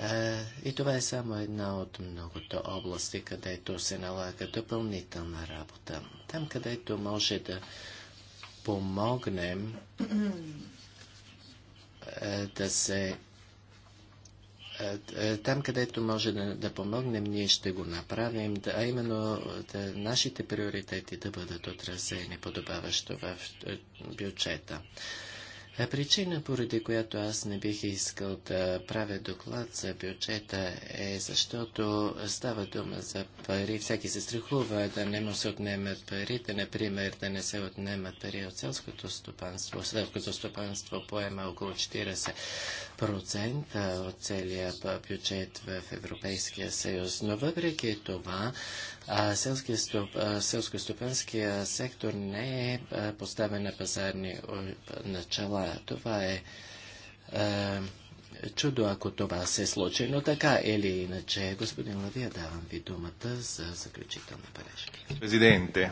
Е, и това е само една от многото области, където се налага допълнителна работа. Там, където може да помогнем е, да се е, е, там, където може да, да помогнем, ние ще го направим, да, а именно да, нашите приоритети да бъдат отразени подобаващо в бюджета. Причина, поради която аз не бих искал да правя доклад за бюджета е защото става дума за пари. Всеки се страхува да не му се отнемат парите, например да не се отнемат пари от селското стопанство. Селското стопанство поема около процента от целия бюджет в Европейския съюз. Но въпреки това, селско-стопанския сектор не е поставен на пазарни начала. Това е, чудо, ако това се случи, но така или иначе, господин Лавия, давам ви думата за заключителни бележки. Президенте,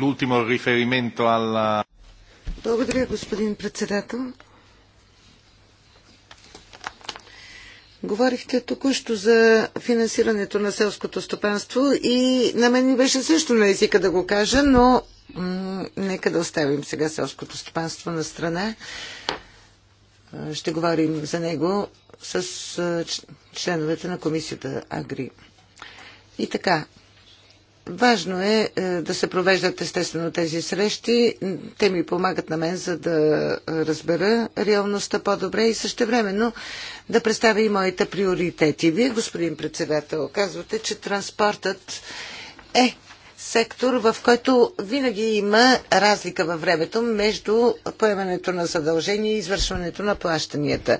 лултимо riferimento Благодаря, господин председател. Говорихте току-що за финансирането на селското стопанство и на мен ми беше също на езика да го кажа, но нека да оставим сега селското стопанство на страна. Ще говорим за него с членовете на комисията Агри. И така, Важно е, е да се провеждат естествено тези срещи. Те ми помагат на мен, за да разбера реалността по-добре и същевременно да представя и моите приоритети. Вие, господин председател, казвате, че транспортът е сектор, в който винаги има разлика във времето между поемането на задължения и извършването на плащанията.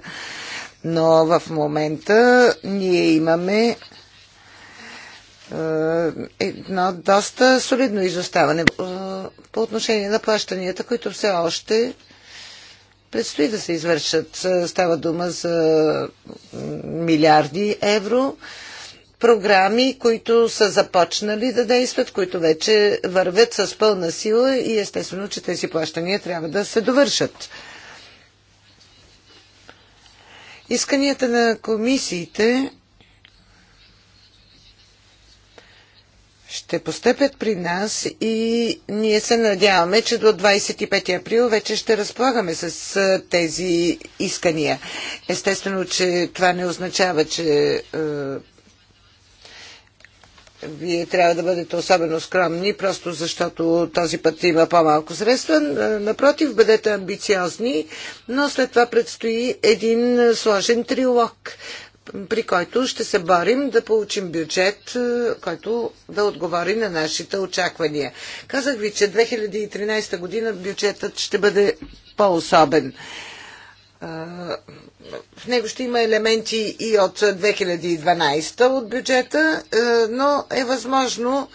Но в момента ние имаме е, едно доста солидно изоставане по отношение на плащанията, които все още предстои да се извършат. Става дума за милиарди евро програми, които са започнали да действат, които вече вървят с пълна сила и естествено, че тези плащания трябва да се довършат. Исканията на комисиите ще постъпят при нас и ние се надяваме, че до 25 април вече ще разполагаме с тези искания. Естествено, че това не означава, че е, вие трябва да бъдете особено скромни, просто защото този път има по-малко средства. Напротив, бъдете амбициозни, но след това предстои един сложен трилог при който ще се борим да получим бюджет, е, който да отговори на нашите очаквания. Казах ви, че 2013 година бюджетът ще бъде по-особен. Е, в него ще има елементи и от 2012 от бюджета, е, но е възможно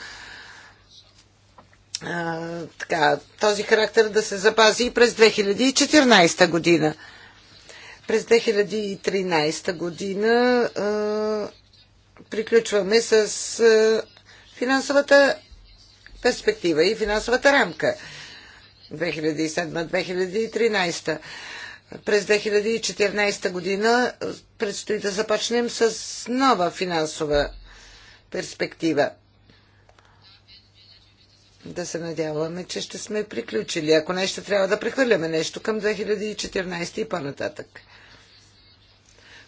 така, този характер да се запази и през 2014 година. През 2013 година приключваме с финансовата перспектива и финансовата рамка 2007-2013. През 2014 година предстои да започнем с нова финансова перспектива. Да се надяваме, че ще сме приключили. Ако нещо трябва да прехвърляме нещо към 2014 и по-нататък.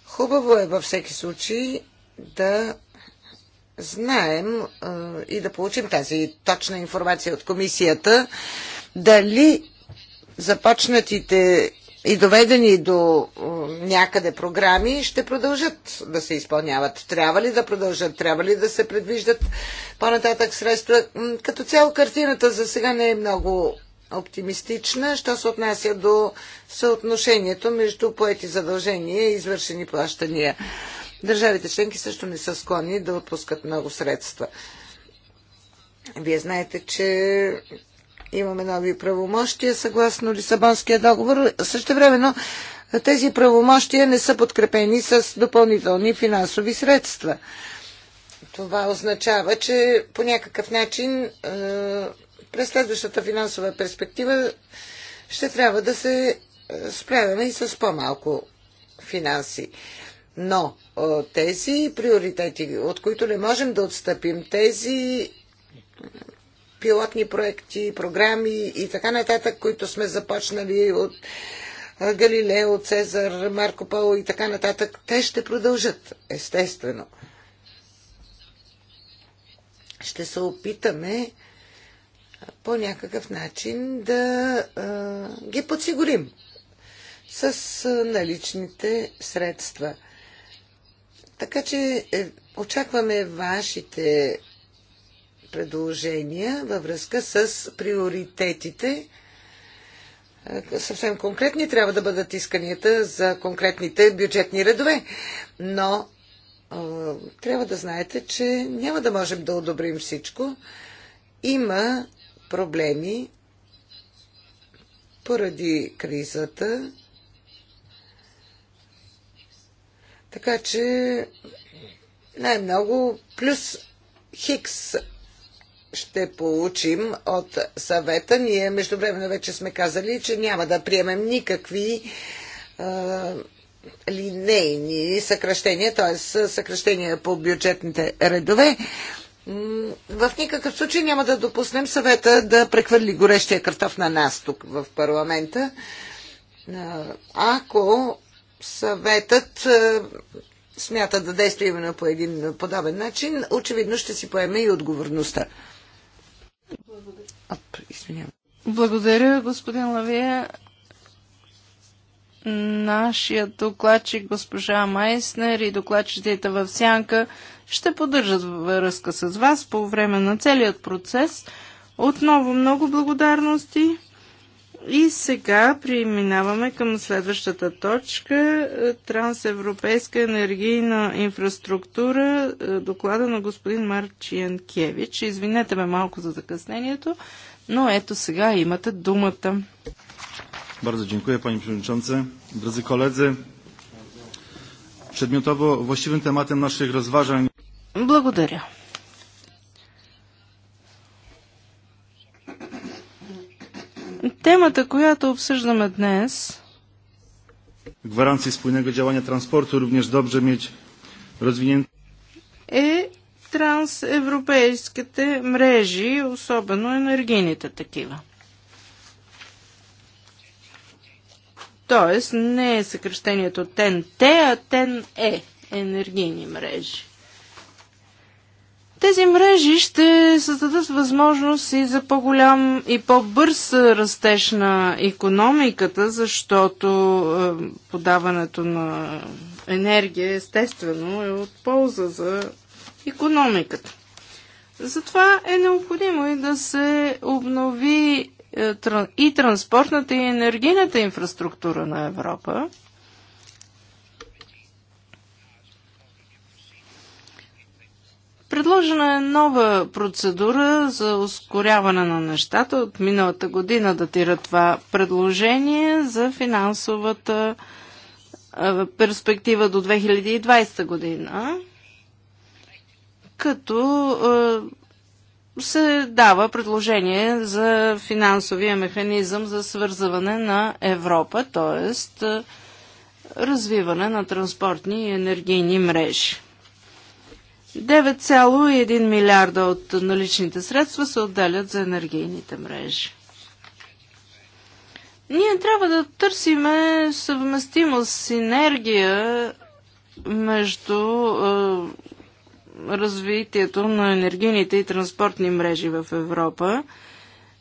Хубаво е във всеки случай да знаем и да получим тази точна информация от комисията дали започнатите и доведени до някъде програми ще продължат да се изпълняват. Трябва ли да продължат? Трябва ли да се предвиждат по-нататък средства? Като цяло картината за сега не е много оптимистична, що се отнася до съотношението между поети задължения и извършени плащания. Държавите членки също не са склонни да отпускат много средства. Вие знаете, че имаме нови правомощия съгласно Лисабонския договор. Също времено тези правомощия не са подкрепени с допълнителни финансови средства. Това означава, че по някакъв начин е, през следващата финансова перспектива ще трябва да се е, справяме и с по-малко финанси. Но е, тези приоритети, от които не можем да отстъпим, тези пилотни проекти, програми и така нататък, които сме започнали от е, Галилео, Цезар, Марко Пол и така нататък, те ще продължат, естествено. Ще се опитаме по някакъв начин да а, ги подсигурим с наличните средства. Така че е, очакваме вашите предложения във връзка с приоритетите. Съвсем конкретни трябва да бъдат исканията за конкретните бюджетни редове. Но е, трябва да знаете, че няма да можем да одобрим всичко. Има проблеми поради кризата. Така че най-много плюс Хикс ще получим от съвета. Ние междувременно вече сме казали, че няма да приемем никакви а, линейни съкръщения, т.е. съкръщения по бюджетните редове. В никакъв случай няма да допуснем съвета да прехвърли горещия картоф на нас тук в парламента. Ако съветът смята да действа именно по един подобен начин, очевидно ще си поеме и отговорността. Благодаря. Оп, Благодаря, господин Лавия. Нашият докладчик, госпожа Майснер и докладчиците в Сянка ще поддържат връзка с вас по време на целият процес. Отново много благодарности. И сега преминаваме към следващата точка Трансевропейска енергийна инфраструктура, доклада на господин Марчиен Кевич. Извинете ме малко за закъснението, но ето сега имате думата. Bardzo dziękuję Panie Przewodniczący. Drodzy koledzy, przedmiotowo właściwym tematem naszych rozważań благодаря. Темата, която обсъждаме днес. Гваранции спойнега działania транспорту również добре mieć развинен... Е трансевропейските мрежи, особено енергийните такива. Тоест не е съкръщението ТЕН-Т, а ТЕН-Е, енергийни мрежи. Тези мрежи ще създадат възможност и за по-голям и по-бърз растеж на економиката, защото е, подаването на енергия естествено е от полза за економиката. Затова е необходимо и да се обнови е, и транспортната и енергийната инфраструктура на Европа. Предложена е нова процедура за ускоряване на нещата. От миналата година датира това предложение за финансовата перспектива до 2020 година, като се дава предложение за финансовия механизъм за свързване на Европа, т.е. развиване на транспортни и енергийни мрежи. 9,1 милиарда от наличните средства се отделят за енергийните мрежи. Ние трябва да търсиме съвместимост, синергия между е, развитието на енергийните и транспортни мрежи в Европа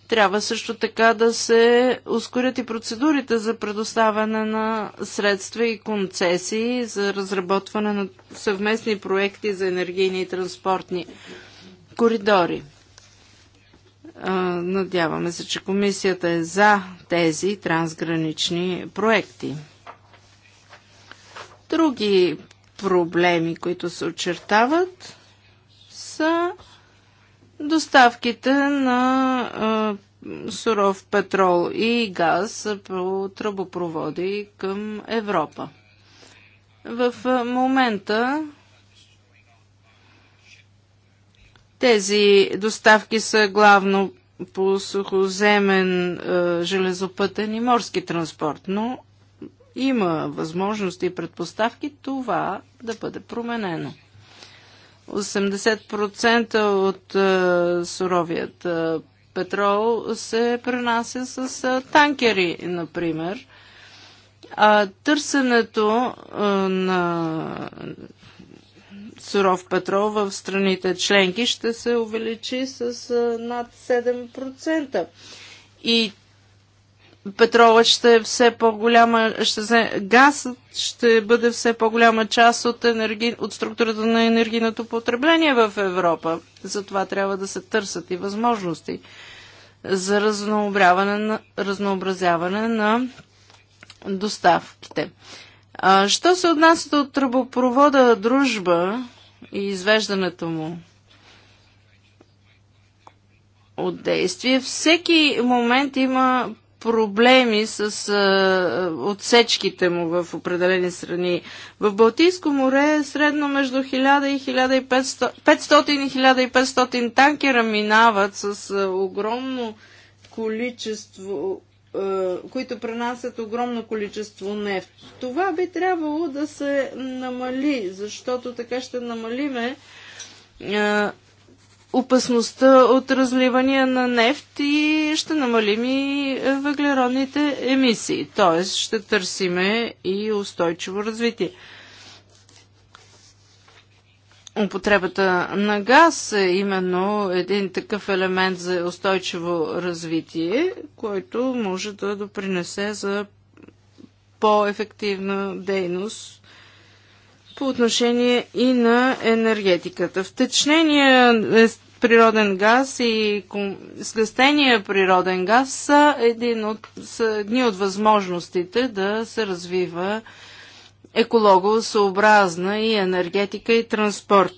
трябва също така да се ускорят и процедурите за предоставяне на средства и концесии за разработване на съвместни проекти за енергийни и транспортни коридори. Надяваме се, че комисията е за тези трансгранични проекти. Други проблеми, които се очертават, са доставките на суров петрол и газ по тръбопроводи към Европа. В момента тези доставки са главно по сухоземен, железопътен и морски транспорт, но има възможности и предпоставки това да бъде променено. 80% от е, суровият е, петрол се пренася с е, танкери, например. А търсенето е, на суров петрол в страните членки ще се увеличи с над 7%. И петролът ще е все по-голяма, ще се, газът ще бъде все по-голяма част от, енерги, от структурата на енергийното потребление в Европа. Затова трябва да се търсят и възможности за на, разнообразяване на доставките. А, що се отнася от тръбопровода дружба и извеждането му от действие, всеки момент има проблеми с а, отсечките му в определени страни. В Балтийско море е средно между 1000 и 1500, 500 и 1500 танкера минават с а, огромно количество, а, които пренасят огромно количество нефт. Това би трябвало да се намали, защото така ще намалиме опасността от разливания на нефт и ще намалим и въглеродните емисии. Т.е. ще търсиме и устойчиво развитие. Употребата на газ е именно един такъв елемент за устойчиво развитие, който може да допринесе за по-ефективна дейност по отношение и на енергетиката. Втечнения е, природен газ и слестения природен газ са, един от, са едни от възможностите да се развива екологосъобразна и енергетика и транспорт.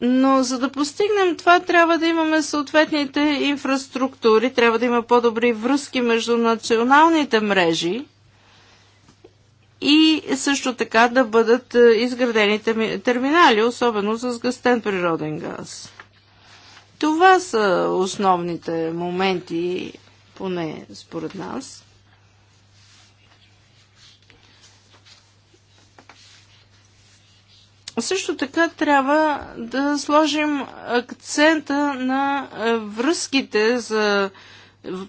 Но за да постигнем това, трябва да имаме съответните инфраструктури, трябва да има по-добри връзки между националните мрежи и също така да бъдат е, изградени терминали, особено с гъстен природен газ. Това са основните моменти, поне според нас. Също така трябва да сложим акцента на е, връзките за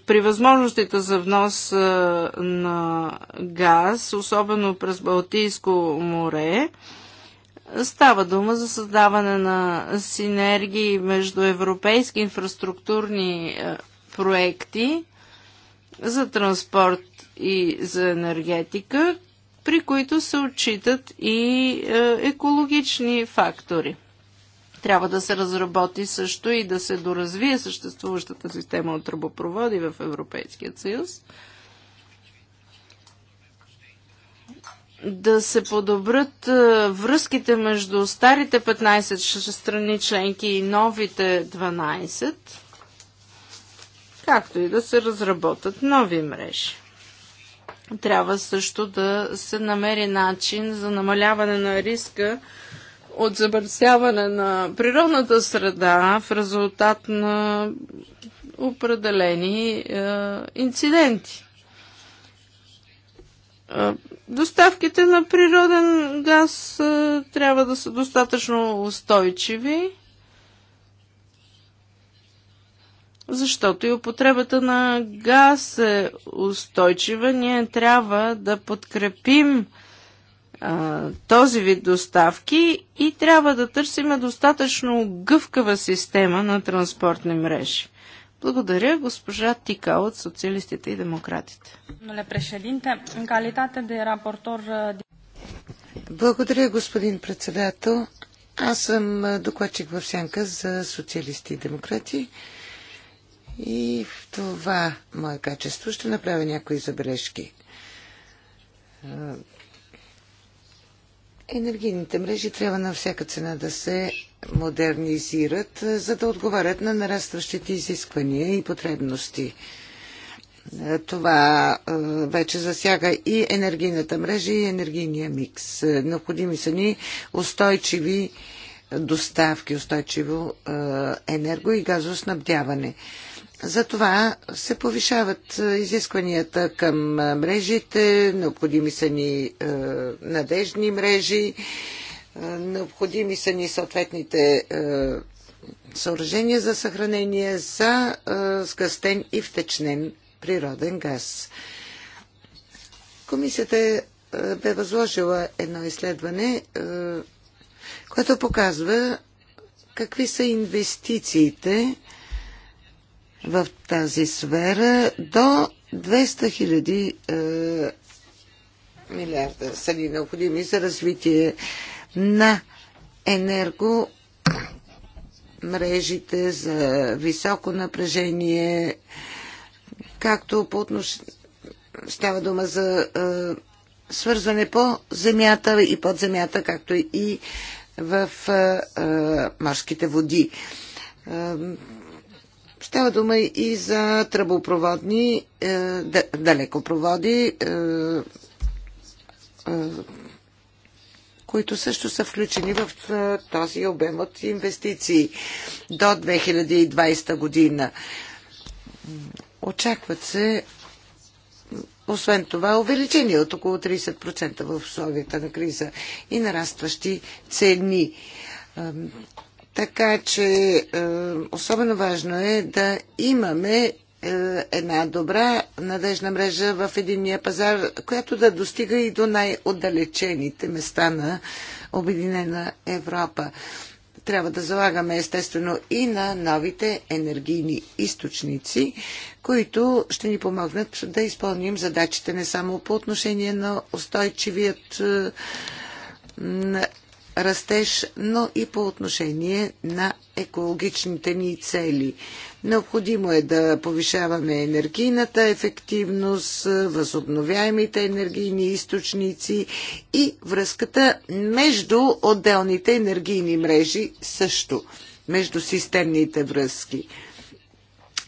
при възможностите за внос е, на газ, особено през Балтийско море, става дума за създаване на синергии между европейски инфраструктурни е, проекти за транспорт и за енергетика, при които се отчитат и е, екологични фактори. Трябва да се разработи също и да се доразвие съществуващата система от тръбопроводи в Европейския съюз. да се подобрят е, връзките между старите 15 страни членки и новите 12, както и да се разработят нови мрежи. Трябва също да се намери начин за намаляване на риска от забърсяване на природната среда в резултат на определени е, инциденти. Е, доставките на природен газ е, трябва да са достатъчно устойчиви защото и употребата на газ е устойчива. Ние трябва да подкрепим а, този вид доставки и трябва да търсим достатъчно гъвкава система на транспортни мрежи. Благодаря, госпожа Тика от Социалистите и Демократите. Uh, Благодаря, господин председател. Аз съм uh, докладчик в сянка за Социалисти и Демократи. И в това мое качество ще направя някои забележки. Енергийните мрежи трябва на всяка цена да се модернизират, за да отговарят на нарастващите изисквания и потребности. Това вече засяга и енергийната мрежа, и енергийния микс. Необходими са ни устойчиви доставки, устойчиво енерго и газоснабдяване. Затова се повишават е, изискванията към е, мрежите, необходими са ни е, надежни мрежи, необходими са ни съответните съоръжения за съхранение за сгъстен и втечнен природен газ. Комисията бе възложила едно изследване, което показва какви са инвестициите в тази сфера до 200 хиляди е, милиарда са ни необходими за развитие на енерго мрежите за високо напрежение, както по отнош... става дума за е, свързване по земята и под земята, както и в е, е, морските води. Е, Става дума и за тръбопроводни, е, далекопроводи, е, е, които също са включени в този обем от инвестиции до 2020 година. Очакват се, освен това, увеличение от около 30% в условията на криза и нарастващи цени. Така че е, особено важно е да имаме е, една добра надежна мрежа в единния пазар, която да достига и до най-отдалечените места на Обединена Европа. Трябва да залагаме естествено и на новите енергийни източници, които ще ни помогнат да изпълним задачите не само по отношение на устойчивият е, растеж, но и по отношение на екологичните ни цели. Необходимо е да повишаваме енергийната ефективност, възобновяемите енергийни източници и връзката между отделните енергийни мрежи също, между системните връзки.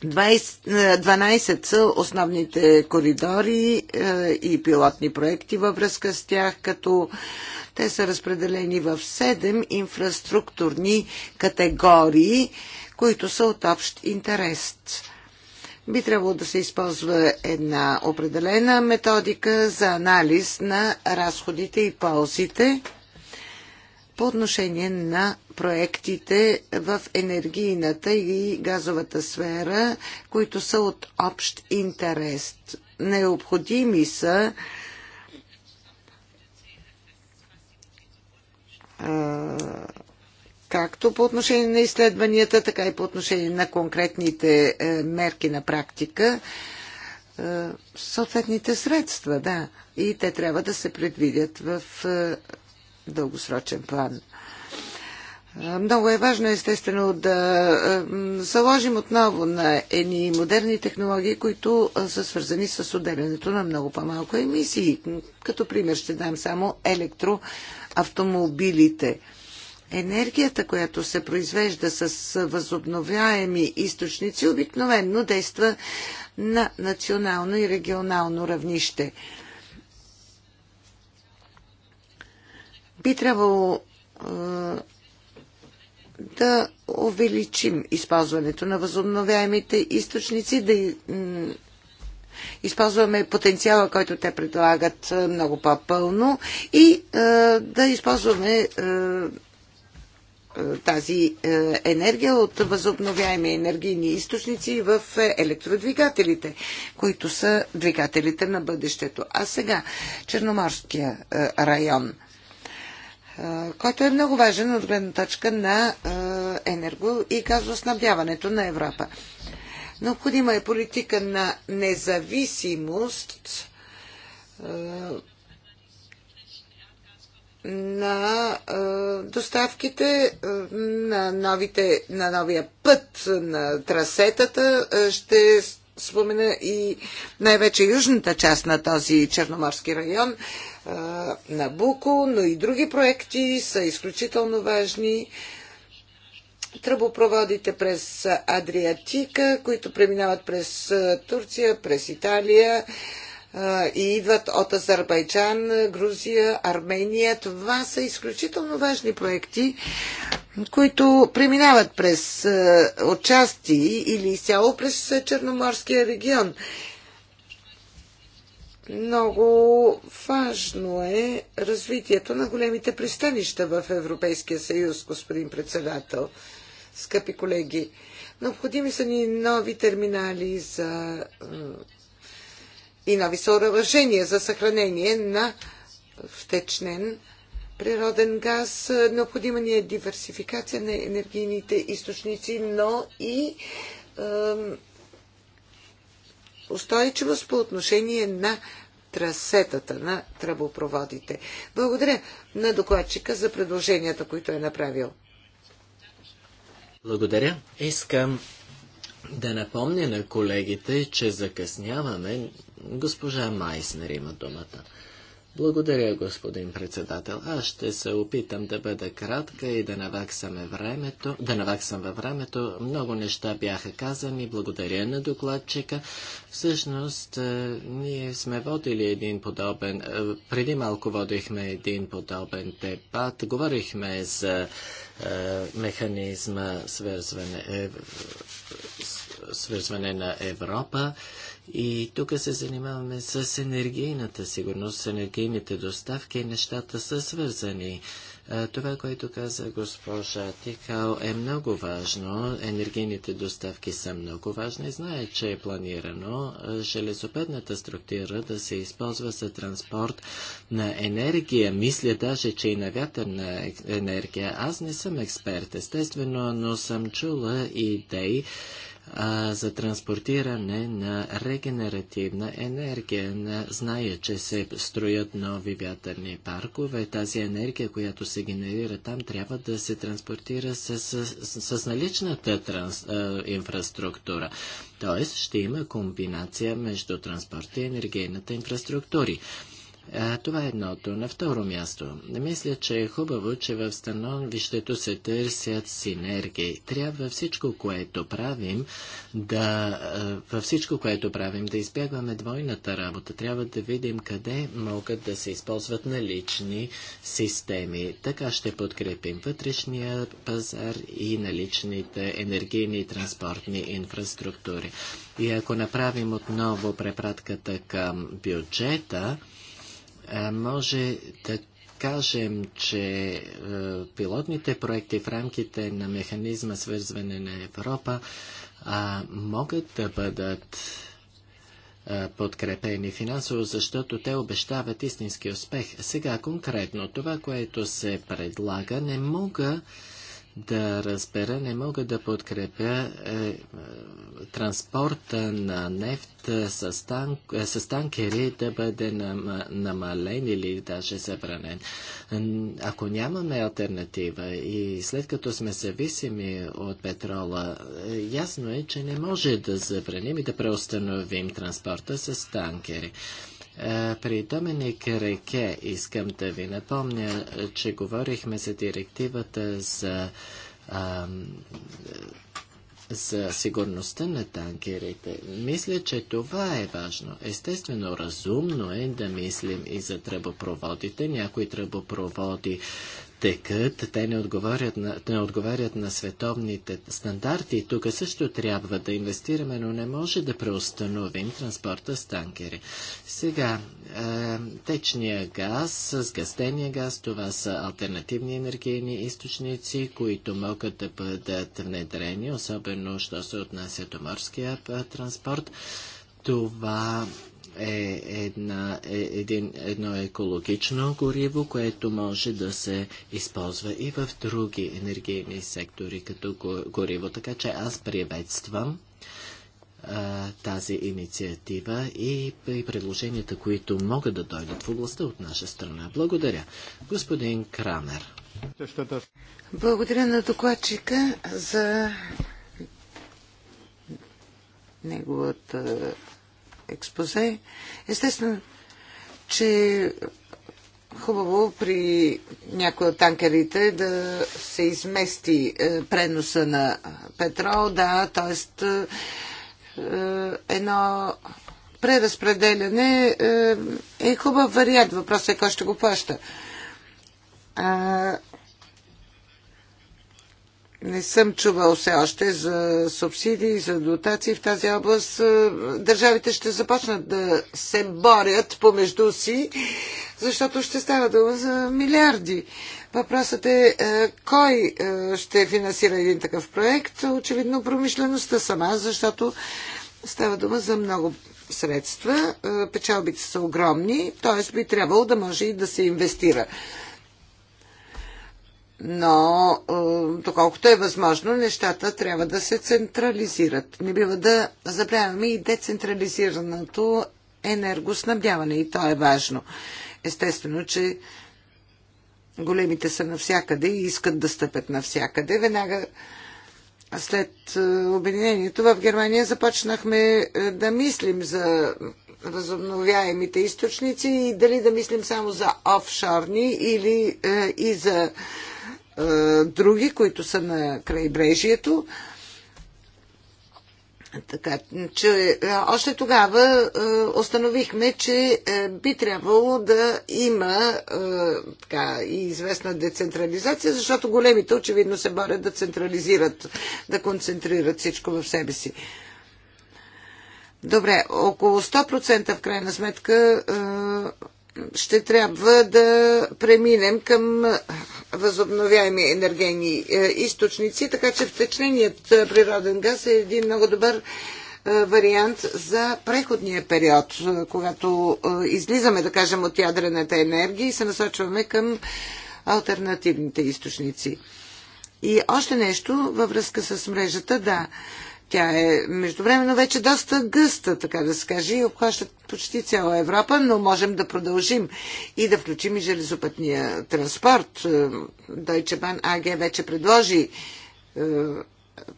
12 са основните коридори и пилотни проекти във връзка с тях, като те са разпределени в 7 инфраструктурни категории, които са от общ интерес би трябвало да се използва една определена методика за анализ на разходите и ползите по отношение на проектите в енергийната и газовата сфера, които са от общ интерес. Необходими са както по отношение на изследванията, така и по отношение на конкретните е, мерки на практика, е, съответните средства, да. И те трябва да се предвидят в е, дългосрочен план. Много е важно, естествено, да заложим отново на едни модерни технологии, които са свързани с отделянето на много по-малко емисии. Като пример ще дам само електроавтомобилите. Енергията, която се произвежда с възобновяеми източници, обикновенно действа на национално и регионално равнище. Би трябвало да увеличим използването на възобновяемите източници, да използваме потенциала, който те предлагат е, много по-пълно и е, да използваме е, тази енергия от възобновяеми енергийни източници в електродвигателите, които са двигателите на бъдещето. А сега Черноморския район – който е много важен от гледна точка на енерго и газоснабдяването на Европа. Необходима е политика на независимост на доставките на, новите, на новия път на трасетата. Ще спомена и най-вече южната част на този черноморски район. Набуко, но и други проекти са изключително важни. Тръбопроводите през Адриатика, които преминават през Турция, през Италия и идват от Азербайджан, Грузия, Армения. Това са изключително важни проекти, които преминават през отчасти или изцяло през Черноморския регион. Много важно е развитието на големите пристанища в Европейския съюз, господин председател. Скъпи колеги, необходими са ни нови терминали за е, и нови съоръжения за съхранение на втечнен природен газ. Необходима ни е диверсификация на енергийните източници, но и е, устойчивост по отношение на трасетата на тръбопроводите. Благодаря на докладчика за предложенията, които е направил. Благодаря. Искам да напомня на колегите, че закъсняваме. Госпожа Майснер има думата. Благодаря, господин председател. Аз ще се опитам да бъда кратка и да наваксаме времето, да наваксам във времето. Много неща бяха казани. Благодаря на докладчика. Всъщност, е, ние сме водили един подобен, е, преди малко водихме един подобен дебат. Говорихме за е, механизма свързване, свързване на Европа и тук се занимаваме с енергийната сигурност, с енергийните доставки и нещата са свързани. Това, което каза госпожа Тикао е много важно. Енергийните доставки са много важни. Знае, че е планирано железопедната структура да се използва за транспорт на енергия. Мисля даже, че и на вятърна енергия. Аз не съм експерт, естествено, но съм чула идеи а, за транспортиране на регенеративна енергия. На, зная, че се строят нови вятърни паркове. Тази енергия, която се генерира там, трябва да се транспортира с, с, с, с наличната транс, а, инфраструктура. Тоест ще има комбинация между транспорта и енергийната инфраструктури. А, това е едното. На второ място, мисля, че е хубаво, че в становището се търсят синергии. Трябва всичко, което правим, да, във всичко, което правим, да избягваме двойната работа. Трябва да видим къде могат да се използват налични системи. Така ще подкрепим вътрешния пазар и наличните енергийни и транспортни инфраструктури. И ако направим отново препратката към бюджета, може да кажем, че е, пилотните проекти в рамките на механизма свързване на Европа могат да бъдат е, подкрепени финансово, защото те обещават истински успех. Сега конкретно това, което се предлага, не мога да разбера, не мога да подкрепя е, транспорта на нефт е, с, танк, е, с танкери да бъде нам, намален или даже забранен. Ако нямаме альтернатива и след като сме зависими от петрола, е, ясно е, че не може да забраним и да преустановим транспорта с танкери. Е, при Доминик Реке искам да ви напомня, е, че говорихме за директивата за, е, за сигурността на танкерите. Мисля, че това е важно. Естествено, разумно е да мислим и за тръбопроводите. Някои тръбопроводи текат, те не отговарят на, не отговарят на световните стандарти. Тук също трябва да инвестираме, но не може да преустановим транспорта с танкери. Сега, е, течния газ, сгъстения газ, това са альтернативни енергийни източници, които могат да бъдат внедрени, особено що се отнася до морския е, транспорт. Това е, една, е един, едно екологично гориво, което може да се използва и в други енергийни сектори като гориво. Така че аз приветствам а, тази инициатива и, и предложенията, които могат да дойдат в областта от наша страна. Благодаря. Господин Крамер. Благодаря на докладчика за неговата експозе. Естествено, че хубаво при някои от танкерите да се измести е, преноса на е, петрол, да, т.е. Е, едно преразпределяне е хубав вариант. Въпросът е кой ще го плаща. Не съм чувал все още за субсидии, за дотации в тази област. Е, държавите ще започнат да се борят помежду си, защото ще става дума за милиарди. Въпросът е, е кой е, ще финансира един такъв проект. Очевидно промишлеността сама, защото става дума за много средства. Печалбите са огромни, т.е. би трябвало да може и да се инвестира но е, доколкото е възможно, нещата трябва да се централизират. Не бива да забравяме и децентрализираното енергоснабдяване и то е важно. Естествено, че големите са навсякъде и искат да стъпят навсякъде. Веднага след е, обединението в Германия започнахме е, да мислим за възобновяемите източници и дали да мислим само за офшорни или и за други, които са на крайбрежието. Така, че още тогава е, установихме, че е, би трябвало да има е, така, и известна децентрализация, защото големите очевидно се борят да централизират, да концентрират всичко в себе си. Добре, около 100% в крайна сметка е, ще трябва да преминем към възобновяеми енергийни е, източници, така че втечненият е, природен газ е един много добър е, вариант за преходния период, когато излизаме, да кажем, от ядрената енергия и се насочваме към альтернативните източници. И още нещо във връзка с мрежата, да. Тя е междувременно вече доста гъста, така да се каже, и обхваща почти цяла Европа, но можем да продължим и да включим и железопътния транспорт. Е, Deutsche Bahn AG вече предложи е,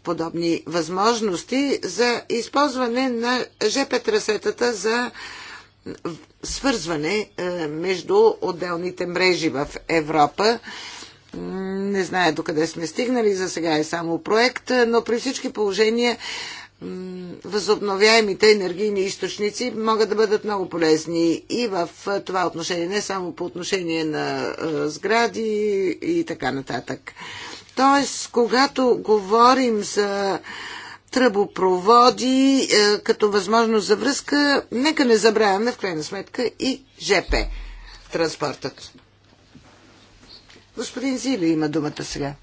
подобни възможности за използване на ЖП трасетата за свързване е, между отделните мрежи в Европа не знае до къде сме стигнали, за сега е само проект, но при всички положения възобновяемите енергийни източници могат да бъдат много полезни и в това отношение, не само по отношение на сгради и така нататък. Тоест, когато говорим за тръбопроводи е, като възможност за връзка, нека не забравяме в крайна сметка и ЖП транспортът. Господин Зили има думата сега.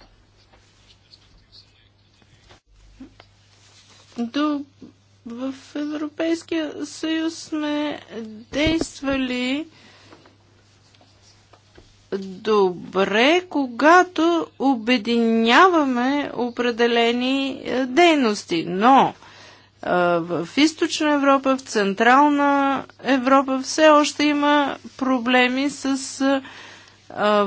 До... В Европейския съюз сме действали добре, когато обединяваме определени е, дейности, но е, в източна Европа, в централна Европа все още има проблеми с е,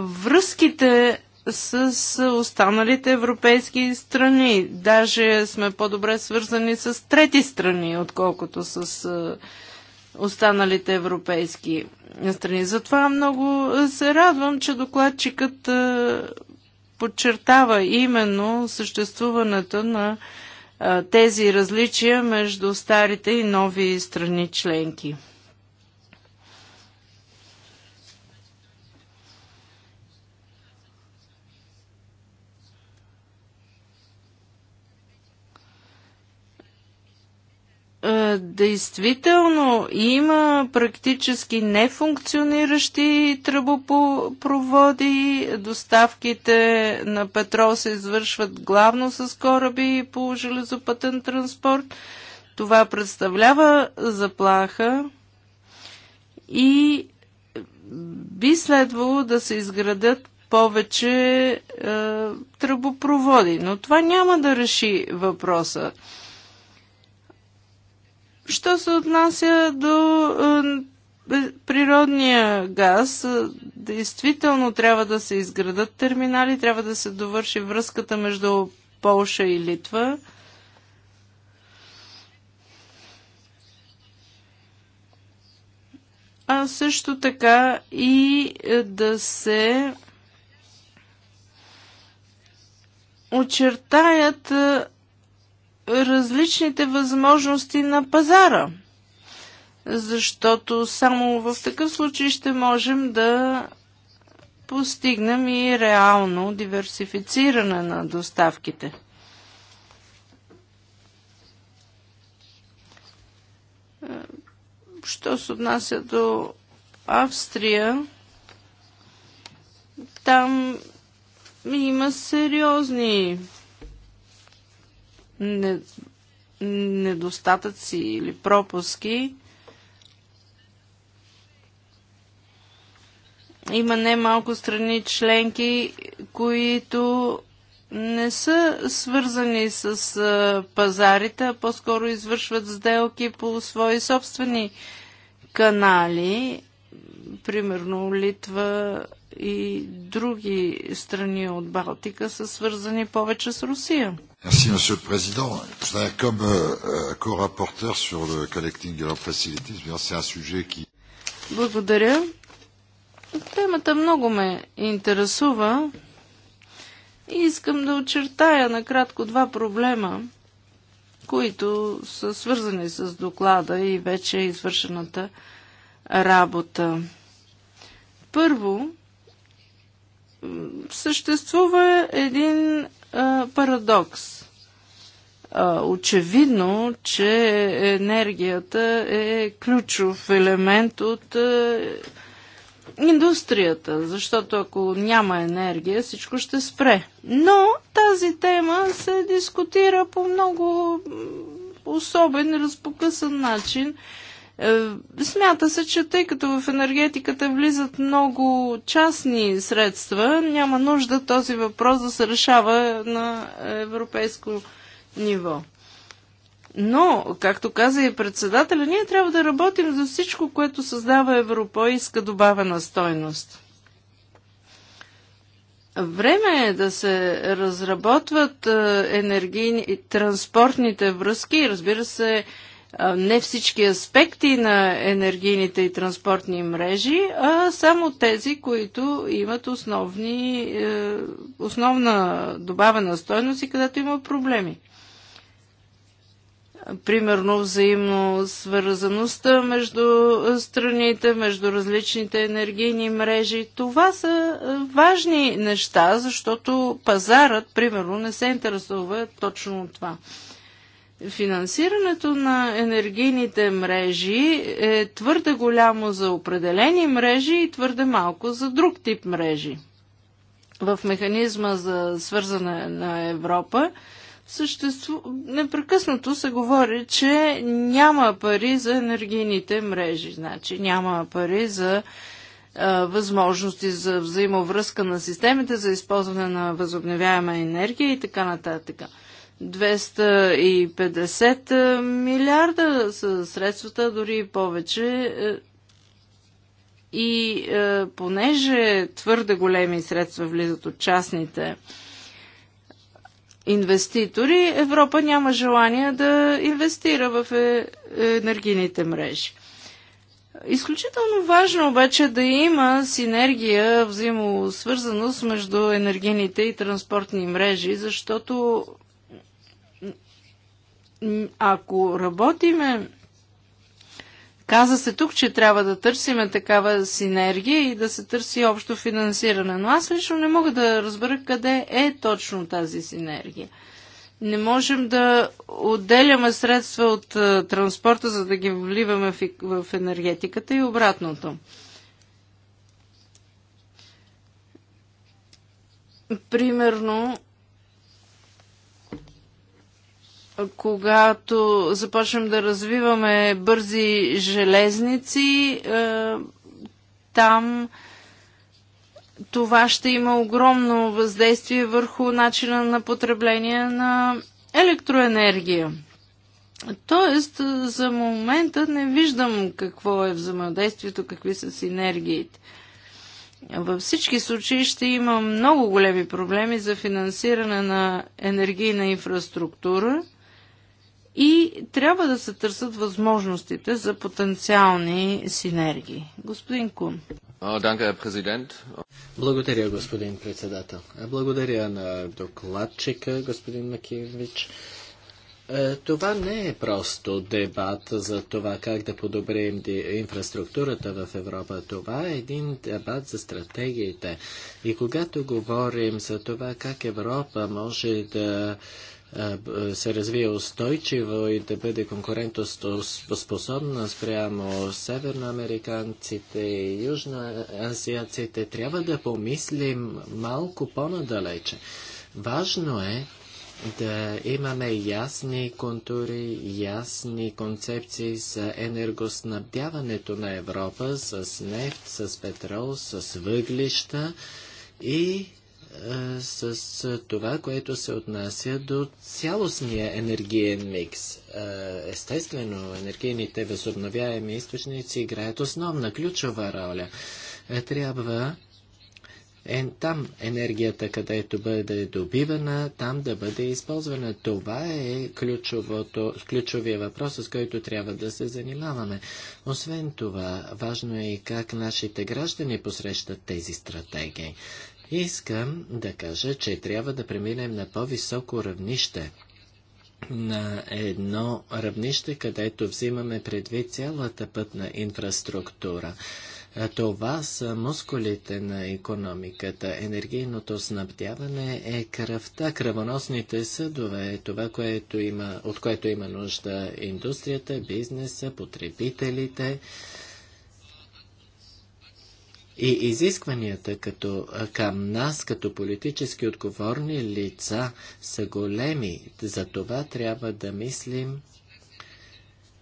връзките с останалите европейски страни. Даже сме по-добре свързани с трети страни, отколкото с останалите европейски страни. Затова много се радвам, че докладчикът подчертава именно съществуването на тези различия между старите и нови страни членки. Е, действително има практически нефункциониращи тръбопроводи. Доставките на петрол се извършват главно с кораби по железопътен транспорт. Това представлява заплаха и би следвало да се изградат повече е, тръбопроводи. Но това няма да реши въпроса. Що се отнася до е, природния газ, е, действително трябва да се изградат терминали, трябва да се довърши връзката между Полша и Литва. А също така и е, да се очертаят различните възможности на пазара. Защото само в такъв случай ще можем да постигнем и реално диверсифициране на доставките. Що се отнася до Австрия, там има сериозни недостатъци или пропуски. Има немалко страни членки, които не са свързани с пазарите, а по-скоро извършват сделки по свои собствени канали. Примерно Литва, и други страни от Балтика са свързани повече с Русия. Merci, Monsieur le Président. Comme euh, euh, co-rapporteur sur le collecting de facilities, c'est un sujet qui... Благодаря. Темата много ме интересува и искам да очертая накратко два проблема, които са свързани с доклада и вече извършената работа. Първо, съществува един а, парадокс. А, очевидно, че енергията е ключов елемент от а, индустрията, защото ако няма енергия, всичко ще спре. Но тази тема се дискутира по много особен, разпокъсан начин е, смята се, че тъй като в енергетиката влизат много частни средства, няма нужда този въпрос да се решава на европейско ниво. Но, както каза и председателя, ние трябва да работим за всичко, което създава европейска добавена стойност. Време е да се разработват е, енергийни и транспортните връзки разбира се, не всички аспекти на енергийните и транспортни мрежи, а само тези, които имат основни, е, основна добавена стойност и където има проблеми. Примерно взаимно свързаността между страните, между различните енергийни мрежи. Това са е, важни неща, защото пазарът, примерно, не се интересува точно от това. Финансирането на енергийните мрежи е твърде голямо за определени мрежи и твърде малко за друг тип мрежи. В механизма за свързане на Европа съществу... непрекъснато се говори, че няма пари за енергийните мрежи. Значи няма пари за а, възможности за взаимовръзка на системите, за използване на възобновяема енергия и така нататък. 250 е, милиарда са средствата, дори повече. Е, и е, понеже твърде големи средства влизат от частните инвеститори, Европа няма желание да инвестира в енергийните мрежи. Изключително важно обаче да има синергия, взаимосвързаност между енергийните и транспортни мрежи, защото ако работиме, каза се тук, че трябва да търсиме такава синергия и да се търси общо финансиране, но аз лично не мога да разбера къде е точно тази синергия не можем да отделяме средства от е, транспорта, за да ги вливаме в енергетиката и обратното. Примерно, когато започнем да развиваме бързи железници, е, там това ще има огромно въздействие върху начина на потребление на електроенергия. Тоест, за момента не виждам какво е взаимодействието, какви са синергиите. Във всички случаи ще има много големи проблеми за финансиране на енергийна инфраструктура и трябва да се търсят възможностите за потенциални синергии. Господин Кун. Е, благодаря, господин председател. Е, благодаря на докладчика, господин Макиевич. Е, това не е просто дебат за това как да подобрим инфраструктурата в Европа. Това е един дебат за стратегиите. И когато говорим за това как Европа може да се развие устойчиво и да бъде конкурентоспособна спрямо северноамериканците и южноазиаците, трябва да помислим малко по-надалече. Важно е да имаме ясни контури, ясни концепции за енергоснабдяването на Европа с нефт, с петрол, с въглища и с това, което се отнася до цялостния енергиен микс. Естествено, енергийните възобновяеми източници играят основна, ключова роля. Трябва е, там енергията, където бъде добивана, там да бъде използвана. Това е ключовото, ключовия въпрос, с който трябва да се занимаваме. Освен това, важно е и как нашите граждани посрещат тези стратегии. Искам да кажа, че трябва да преминем на по-високо равнище на едно равнище, където взимаме предвид цялата пътна инфраструктура. Това са мускулите на економиката. Енергийното снабдяване е кръвта, кръвоносните съдове, е това, което има, от което има нужда индустрията, бизнеса, потребителите. И изискванията като, към нас, като политически отговорни лица, са големи. За това трябва да мислим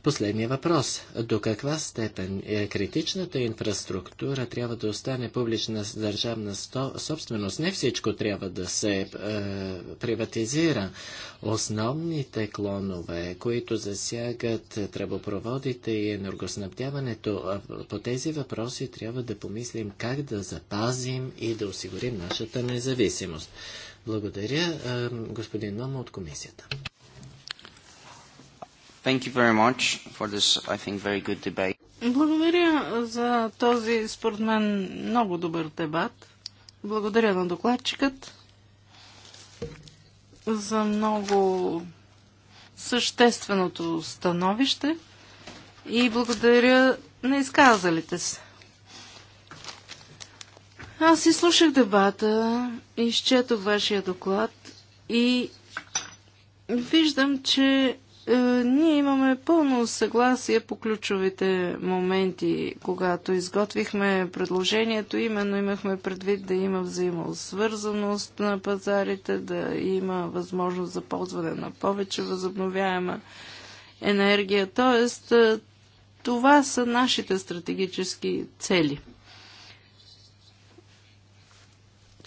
Последния въпрос. До каква степен е критичната инфраструктура трябва да остане публична държавна собственост? Не всичко трябва да се е, приватизира. Основните клонове, които засягат тръбопроводите и енергоснабдяването, по тези въпроси трябва да помислим как да запазим и да осигурим нашата независимост. Благодаря, е, господин Нома от комисията. Thank you very much for this, I think, very good debate. Благодаря за този, според мен, много добър дебат. Благодаря на докладчикът за много същественото становище и благодаря на изказалите се. Аз изслушах дебата, изчетох вашия доклад и виждам, че е, ние имаме пълно съгласие по ключовите моменти. Когато изготвихме предложението, именно имахме предвид да има взаимосвързаност на пазарите, да има възможност за ползване на повече възобновяема енергия. Тоест, е, това са нашите стратегически цели.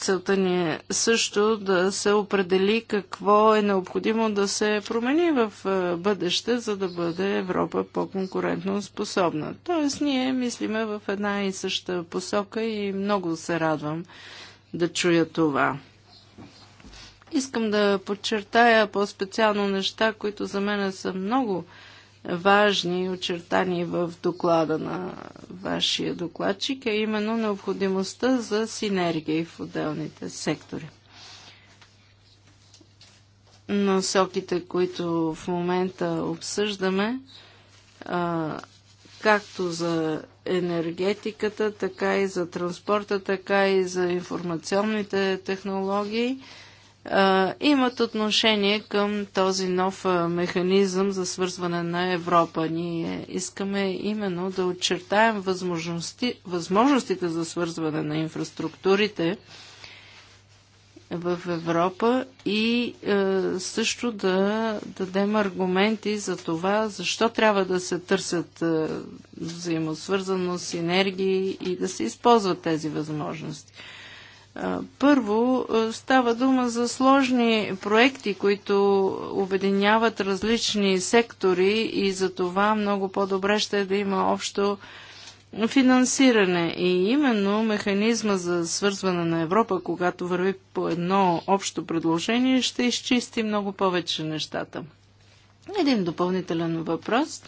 Целта ни е също да се определи какво е необходимо да се промени в е, бъдеще, за да бъде Европа по-конкурентно способна. Тоест, ние мислиме в една и съща посока и много се радвам да чуя това. Искам да подчертая по-специално неща, които за мен са много важни, очертани в доклада на вашия докладчик, е именно необходимостта за синергии в отделните сектори. Насоките, които в момента обсъждаме, а, както за енергетиката, така и за транспорта, така и за информационните технологии – имат отношение към този нов механизъм за свързване на Европа. Ние искаме именно да очертаем възможности, възможностите за свързване на инфраструктурите в Европа и е, също да дадем аргументи за това, защо трябва да се търсят е, взаимосвързаност, синергии и да се използват тези възможности. Първо, става дума за сложни проекти, които обединяват различни сектори и за това много по-добре ще е да има общо финансиране. И именно механизма за свързване на Европа, когато върви по едно общо предложение, ще изчисти много повече нещата. Един допълнителен въпрос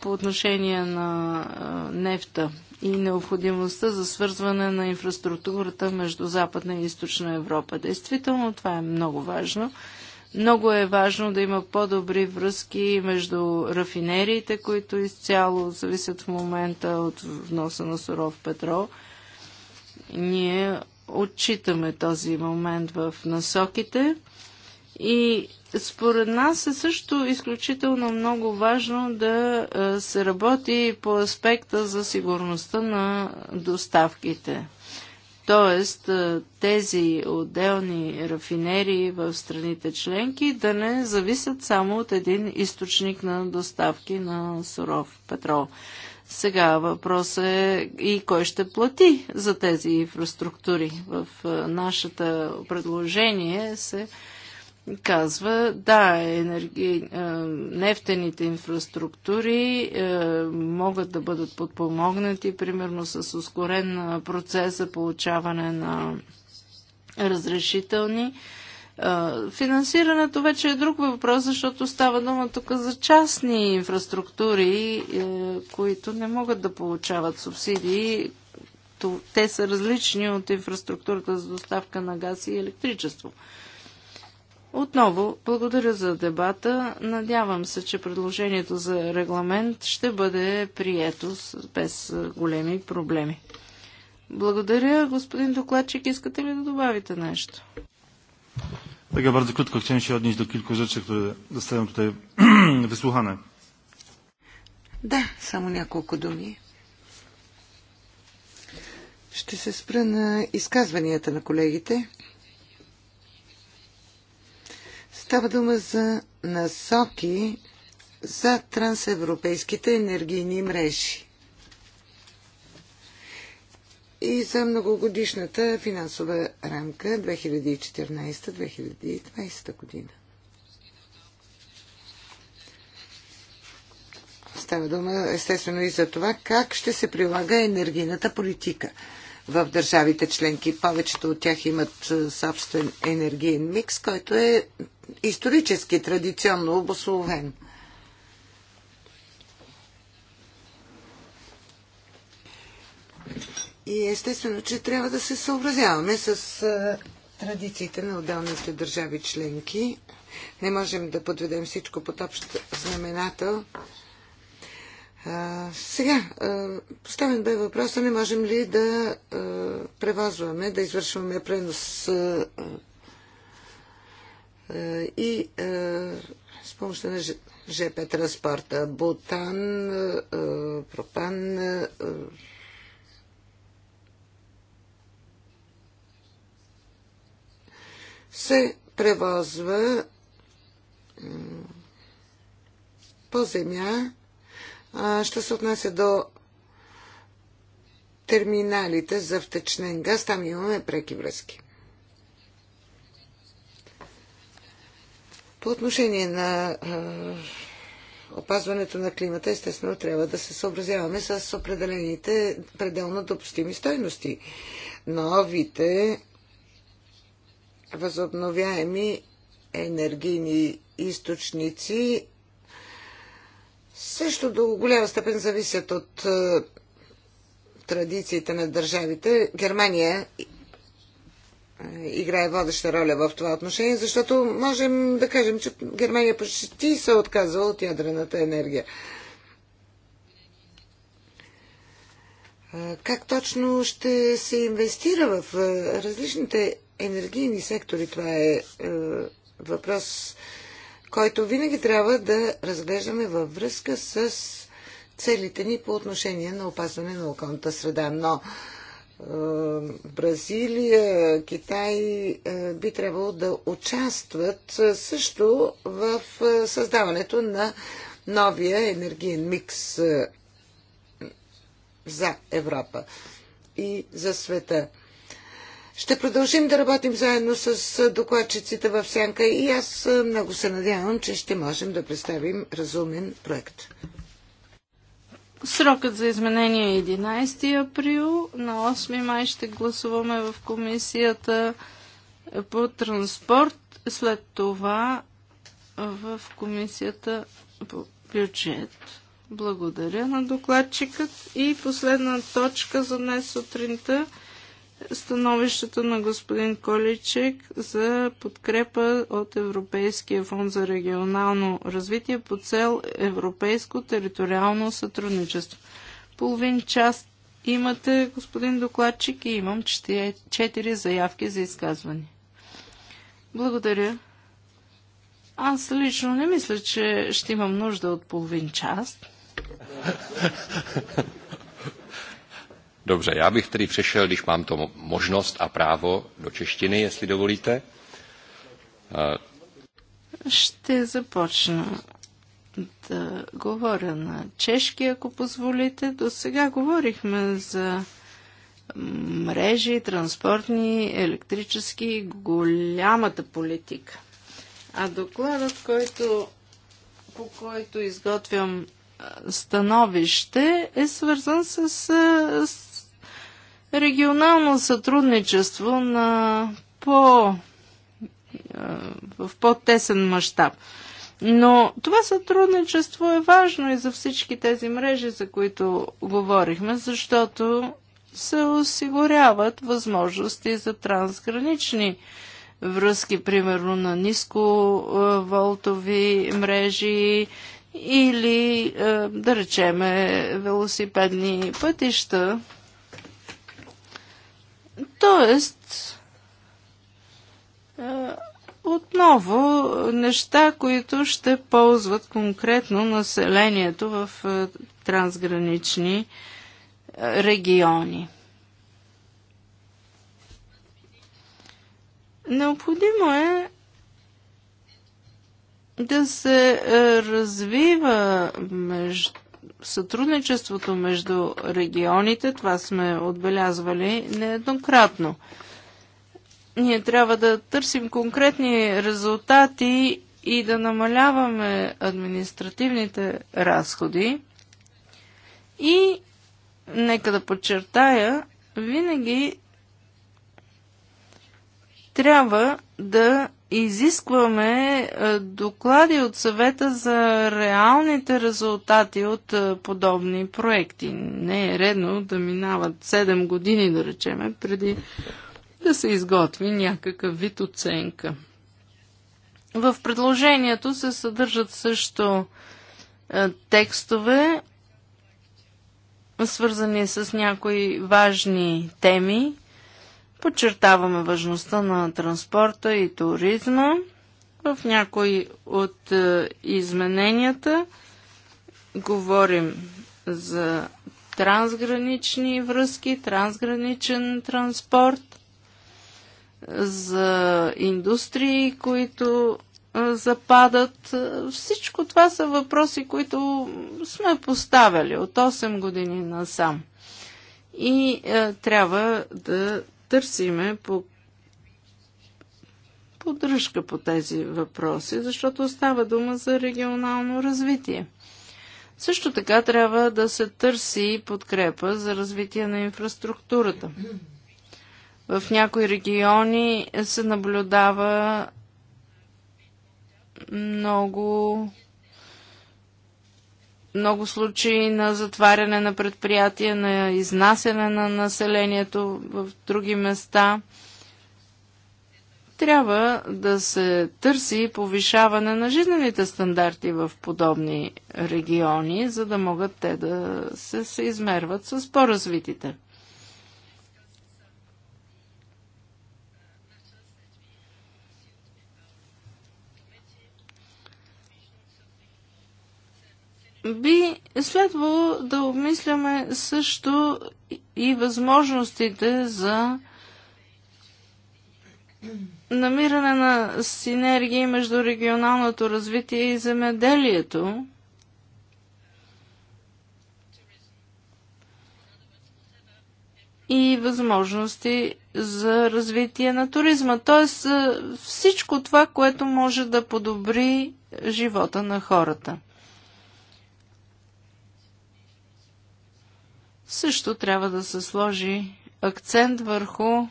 по отношение на нефта и необходимостта за свързване на инфраструктурата между Западна и Източна Европа. Действително това е много важно. Много е важно да има по-добри връзки между рафинериите, които изцяло зависят в момента от вноса на суров петрол. Ние отчитаме този момент в насоките и според нас е също изключително много важно да се работи по аспекта за сигурността на доставките. Тоест тези отделни рафинерии в страните членки да не зависят само от един източник на доставки на суров петрол. Сега въпросът е и кой ще плати за тези инфраструктури. В нашата предложение се казва, да, енерги... Е, нефтените инфраструктури е, могат да бъдат подпомогнати, примерно с ускорен е, процес за получаване на разрешителни. Е, финансирането вече е друг въпрос, защото става дума тук за частни инфраструктури, е, които не могат да получават субсидии. Те са различни от инфраструктурата за доставка на газ и електричество. Отново благодаря за дебата. Надявам се, че предложението за регламент ще бъде прието без е, големи проблеми. Благодаря. Господин докладчик, искате ли да добавите нещо? Така, кратко, хотим ще отнеш до do kilku rzeczy, да ставим tutaj wysłuchane. Да, само няколко думи. Ще се спра на изказванията на колегите. Става дума за насоки за трансевропейските енергийни мрежи и за многогодишната финансова рамка 2014-2020 година. Става дума естествено и за това как ще се прилага енергийната политика – в държавите членки. Повечето от тях имат е, собствен енергиен микс, който е исторически, традиционно обословен. И естествено, че трябва да се съобразяваме с е, традициите на отделните държави членки. Не можем да подведем всичко под общ знаменател сега, поставен бе въпроса, не можем ли да превазваме, да извършваме пренос и с помощта на ЖП транспорта. Бутан, пропан, се превозва по земя Що се отнася до терминалите за втечнен газ, там имаме преки връзки. По отношение на опазването на климата, естествено, трябва да се съобразяваме с определените пределно допустими стойности. Новите възобновяеми енергийни източници също до голяма степен зависят от е, традициите на държавите. Германия е, играе водеща роля в това отношение, защото можем да кажем, че Германия почти се отказва от ядрената енергия. Е, как точно ще се инвестира в различните енергийни сектори? Това е въпрос, който винаги трябва да разглеждаме във връзка с целите ни по отношение на опазване на околната среда. Но е, Бразилия, Китай е, би трябвало да участват също в е, създаването на новия енергиен микс за Европа и за света. Ще продължим да работим заедно с докладчиците в Сянка и аз много се надявам, че ще можем да представим разумен проект. Срокът за изменение е 11 април. На 8 май ще гласуваме в комисията по транспорт. След това в комисията по бюджет. Благодаря на докладчикът. И последна точка за днес сутринта становището на господин Количек за подкрепа от Европейския фонд за регионално развитие по цел европейско териториално сътрудничество. Половин час имате, господин докладчик, и имам четири заявки за изказване. Благодаря. Аз лично не мисля, че ще имам нужда от половин час. Dobře, já bych tedy přešel, když mám to možnost a právo, do češtiny, jestli dovolíte. Е, ще започна да говоря на чешки, ако позволите. До сега говорихме за мрежи, транспортни, електрически, голямата политика. А докладът, който, по който изготвям становище, е свързан с, с регионално сътрудничество на по, в по-тесен мащаб. Но това сътрудничество е важно и за всички тези мрежи, за които говорихме, защото се осигуряват възможности за трансгранични връзки, примерно на нисковолтови мрежи или, да речеме, велосипедни пътища, Тоест, отново неща, които ще ползват конкретно населението в трансгранични региони. Необходимо е да се развива между сътрудничеството между регионите, това сме отбелязвали нееднократно. Ние трябва да търсим конкретни резултати и да намаляваме административните разходи. И, нека да подчертая, винаги трябва да изискваме е, доклади от съвета за реалните резултати от е, подобни проекти. Не е редно да минават 7 години, да речеме, преди да се изготви някакъв вид оценка. В предложението се съдържат също е, текстове, свързани с някои важни теми, Подчертаваме важността на транспорта и туризма. В някои от е, измененията говорим за трансгранични връзки, трансграничен транспорт, за индустрии, които е, западат. Всичко това са въпроси, които сме поставяли от 8 години насам. И е, трябва да търсиме по поддръжка по тези въпроси, защото става дума за регионално развитие. Също така трябва да се търси подкрепа за развитие на инфраструктурата. В някои региони се наблюдава много много случаи на затваряне на предприятия, на изнасяне на населението в други места. Трябва да се търси повишаване на жизнените стандарти в подобни региони, за да могат те да се, измерват с по-развитите. би следвало да обмисляме също и възможностите за намиране на синергии между регионалното развитие и земеделието. и възможности за развитие на туризма. Тоест всичко това, което може да подобри живота на хората. също трябва да се сложи акцент върху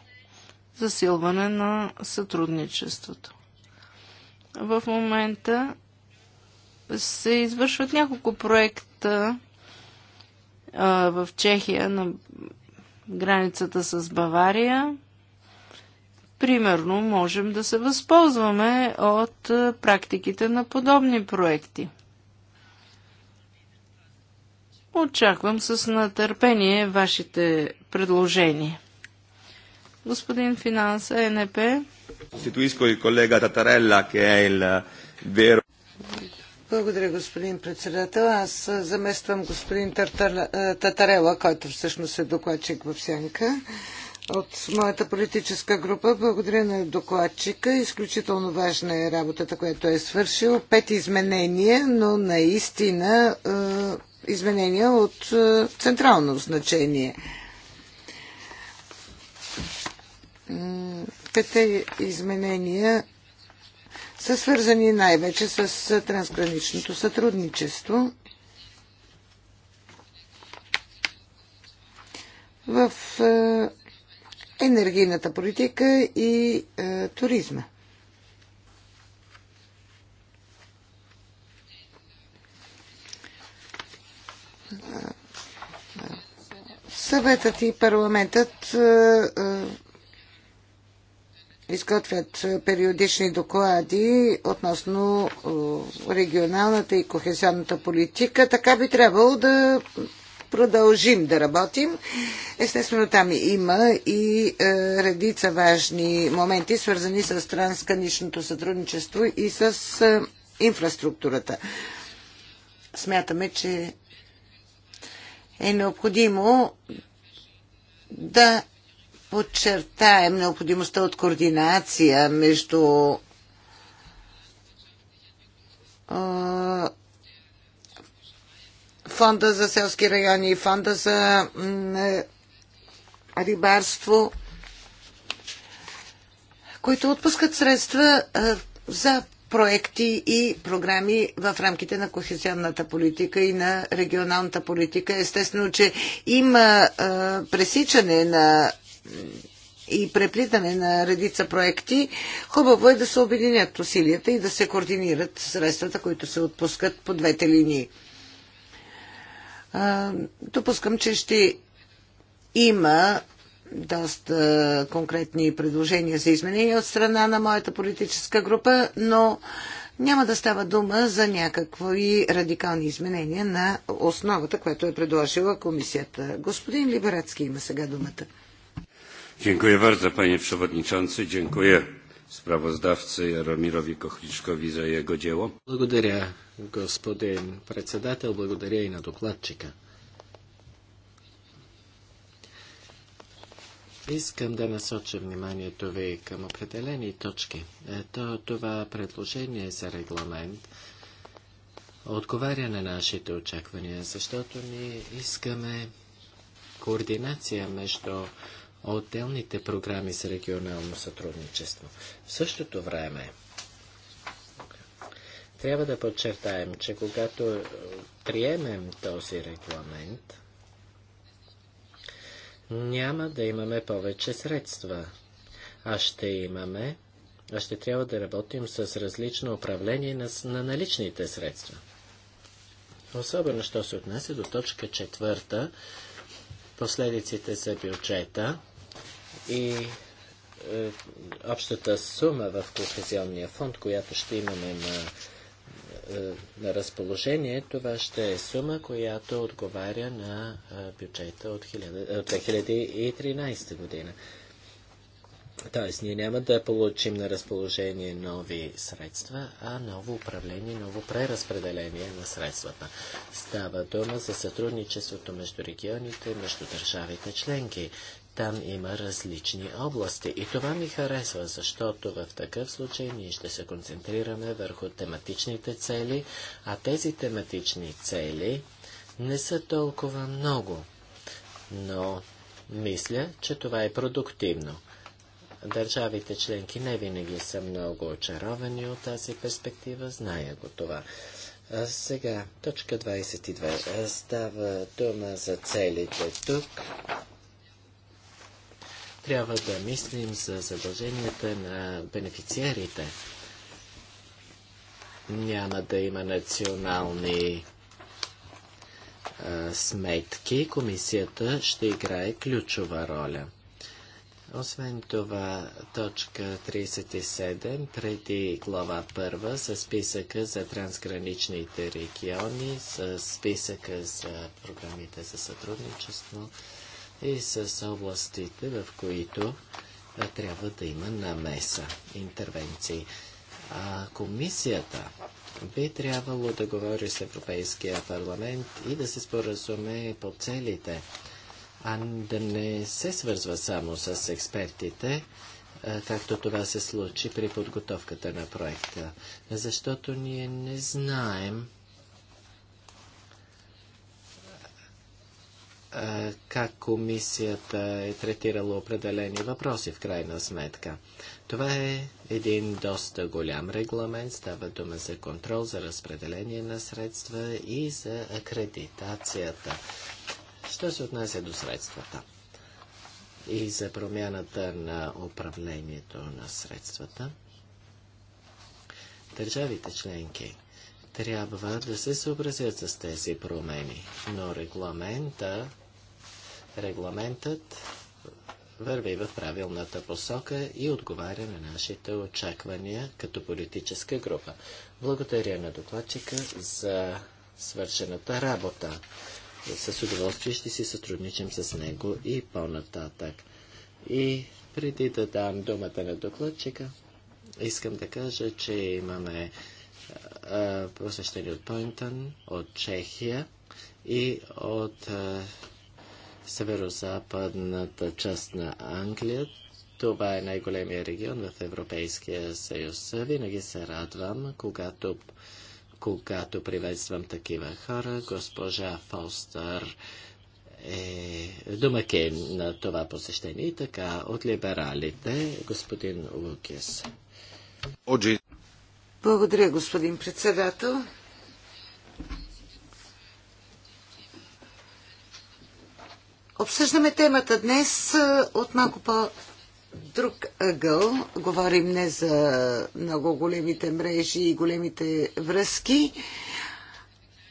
засилване на сътрудничеството. В момента се извършват няколко проекта а, в Чехия на границата с Бавария. Примерно можем да се възползваме от практиките на подобни проекти. Очаквам с натърпение вашите предложения. Господин Финанс, е НП. Ситуиско и колега Татарелла, ке е, е Благодаря, господин председател. Аз е, замествам господин Татарела, който всъщност е докладчик в Сянка от моята политическа група. Благодаря на докладчика. Изключително важна е работата, която е свършил. Пет изменения, но наистина изменения от е, централно значение. Пете изменения са свързани най-вече с е, трансграничното сътрудничество. в е, енергийната политика и туризма. Съветът и парламентът е, е, изготвят периодични доклади относно е, регионалната и кохезионната политика. Така би трябвало да продължим да работим. Естествено, там има и е, редица важни моменти, свързани с трансканичното сътрудничество и с е, инфраструктурата. Смятаме, че е необходимо да подчертаем необходимостта от координация между фонда за селски райони и фонда за е, рибарство, които отпускат средства за проекти и програми в рамките на кохезионната политика и на регионалната политика. Естествено, че има пресичане на и преплитане на редица проекти, хубаво е да се объединят усилията и да се координират средствата, които се отпускат по двете линии. Допускам, че ще има доста конкретни предложения за изменения от страна на моята политическа група, но няма да става дума за някакви радикални изменения на основата, която е предложила комисията. Господин Либерацки има сега думата. Dziękuję bardzo, panie przewodniczący. Dziękuję sprawozdawcy Jaromirowi Kochliczkowi za jego dzieło. Благодаря, господин председател. Благодаря и на докладчика. Искам да насоча вниманието ви към определени точки. Ето това предложение за регламент отговаря на нашите очаквания, защото ние искаме координация между отделните програми за регионално сътрудничество. В същото време трябва да подчертаем, че когато е, приемем този регламент, няма да имаме повече средства, а ще имаме, а ще трябва да работим с различно управление на, на наличните средства. Особено, що се отнася до точка четвърта, последиците за бюджета и е, общата сума в кохезионния фонд, която ще имаме на е, на разположение, това ще е сума, която отговаря на е, бюджета от 2013 е, година. Тоест, ние няма да получим на разположение нови средства, а ново управление, ново преразпределение на средствата. Става дума за сътрудничеството между регионите, между държавите членки там има различни области. И това ми харесва, защото в такъв случай ние ще се концентрираме върху тематичните цели, а тези тематични цели не са толкова много. Но мисля, че това е продуктивно. Държавите членки не винаги са много очаровани от тази перспектива, зная го това. А сега, точка 22. Става дума за целите тук трябва да мислим за задълженията на бенефициарите. Няма да има национални а, сметки. Комисията ще играе ключова роля. Освен това, точка 37 преди глава 1 със списъка за трансграничните региони, с списъка за програмите за сътрудничество и с областите, в които а, трябва да има намеса, интервенции. А комисията би трябвало да говори с Европейския парламент и да се споразуме по целите, а да не се свързва само с експертите, както това се случи при подготовката на проекта, защото ние не знаем как комисията е третирала определени въпроси в крайна сметка. Това е един доста голям регламент. Става дума за контрол, за разпределение на средства и за акредитацията. Що се отнася до средствата и за промяната на управлението на средствата? Държавите членки трябва да се съобразят с тези промени, но регламента Регламентът върви в правилната посока и отговаря на нашите очаквания като политическа група. Благодаря на докладчика за свършената работа. С удоволствие ще си сътрудничам с него и по-нататък. И преди да дам думата на докладчика, искам да кажа, че имаме посещение от Пойнтън, от Чехия и от а, северо-западната част на Англия. Това е най-големия регион в Европейския съюз. Винаги се радвам, когато, когато приветствам такива хора. Госпожа Фолстър е домакин на това посещение. И така, от либералите, господин Лукис. Благодаря, господин председател. Обсъждаме темата днес от малко по друг ъгъл. Говорим не за много големите мрежи и големите връзки,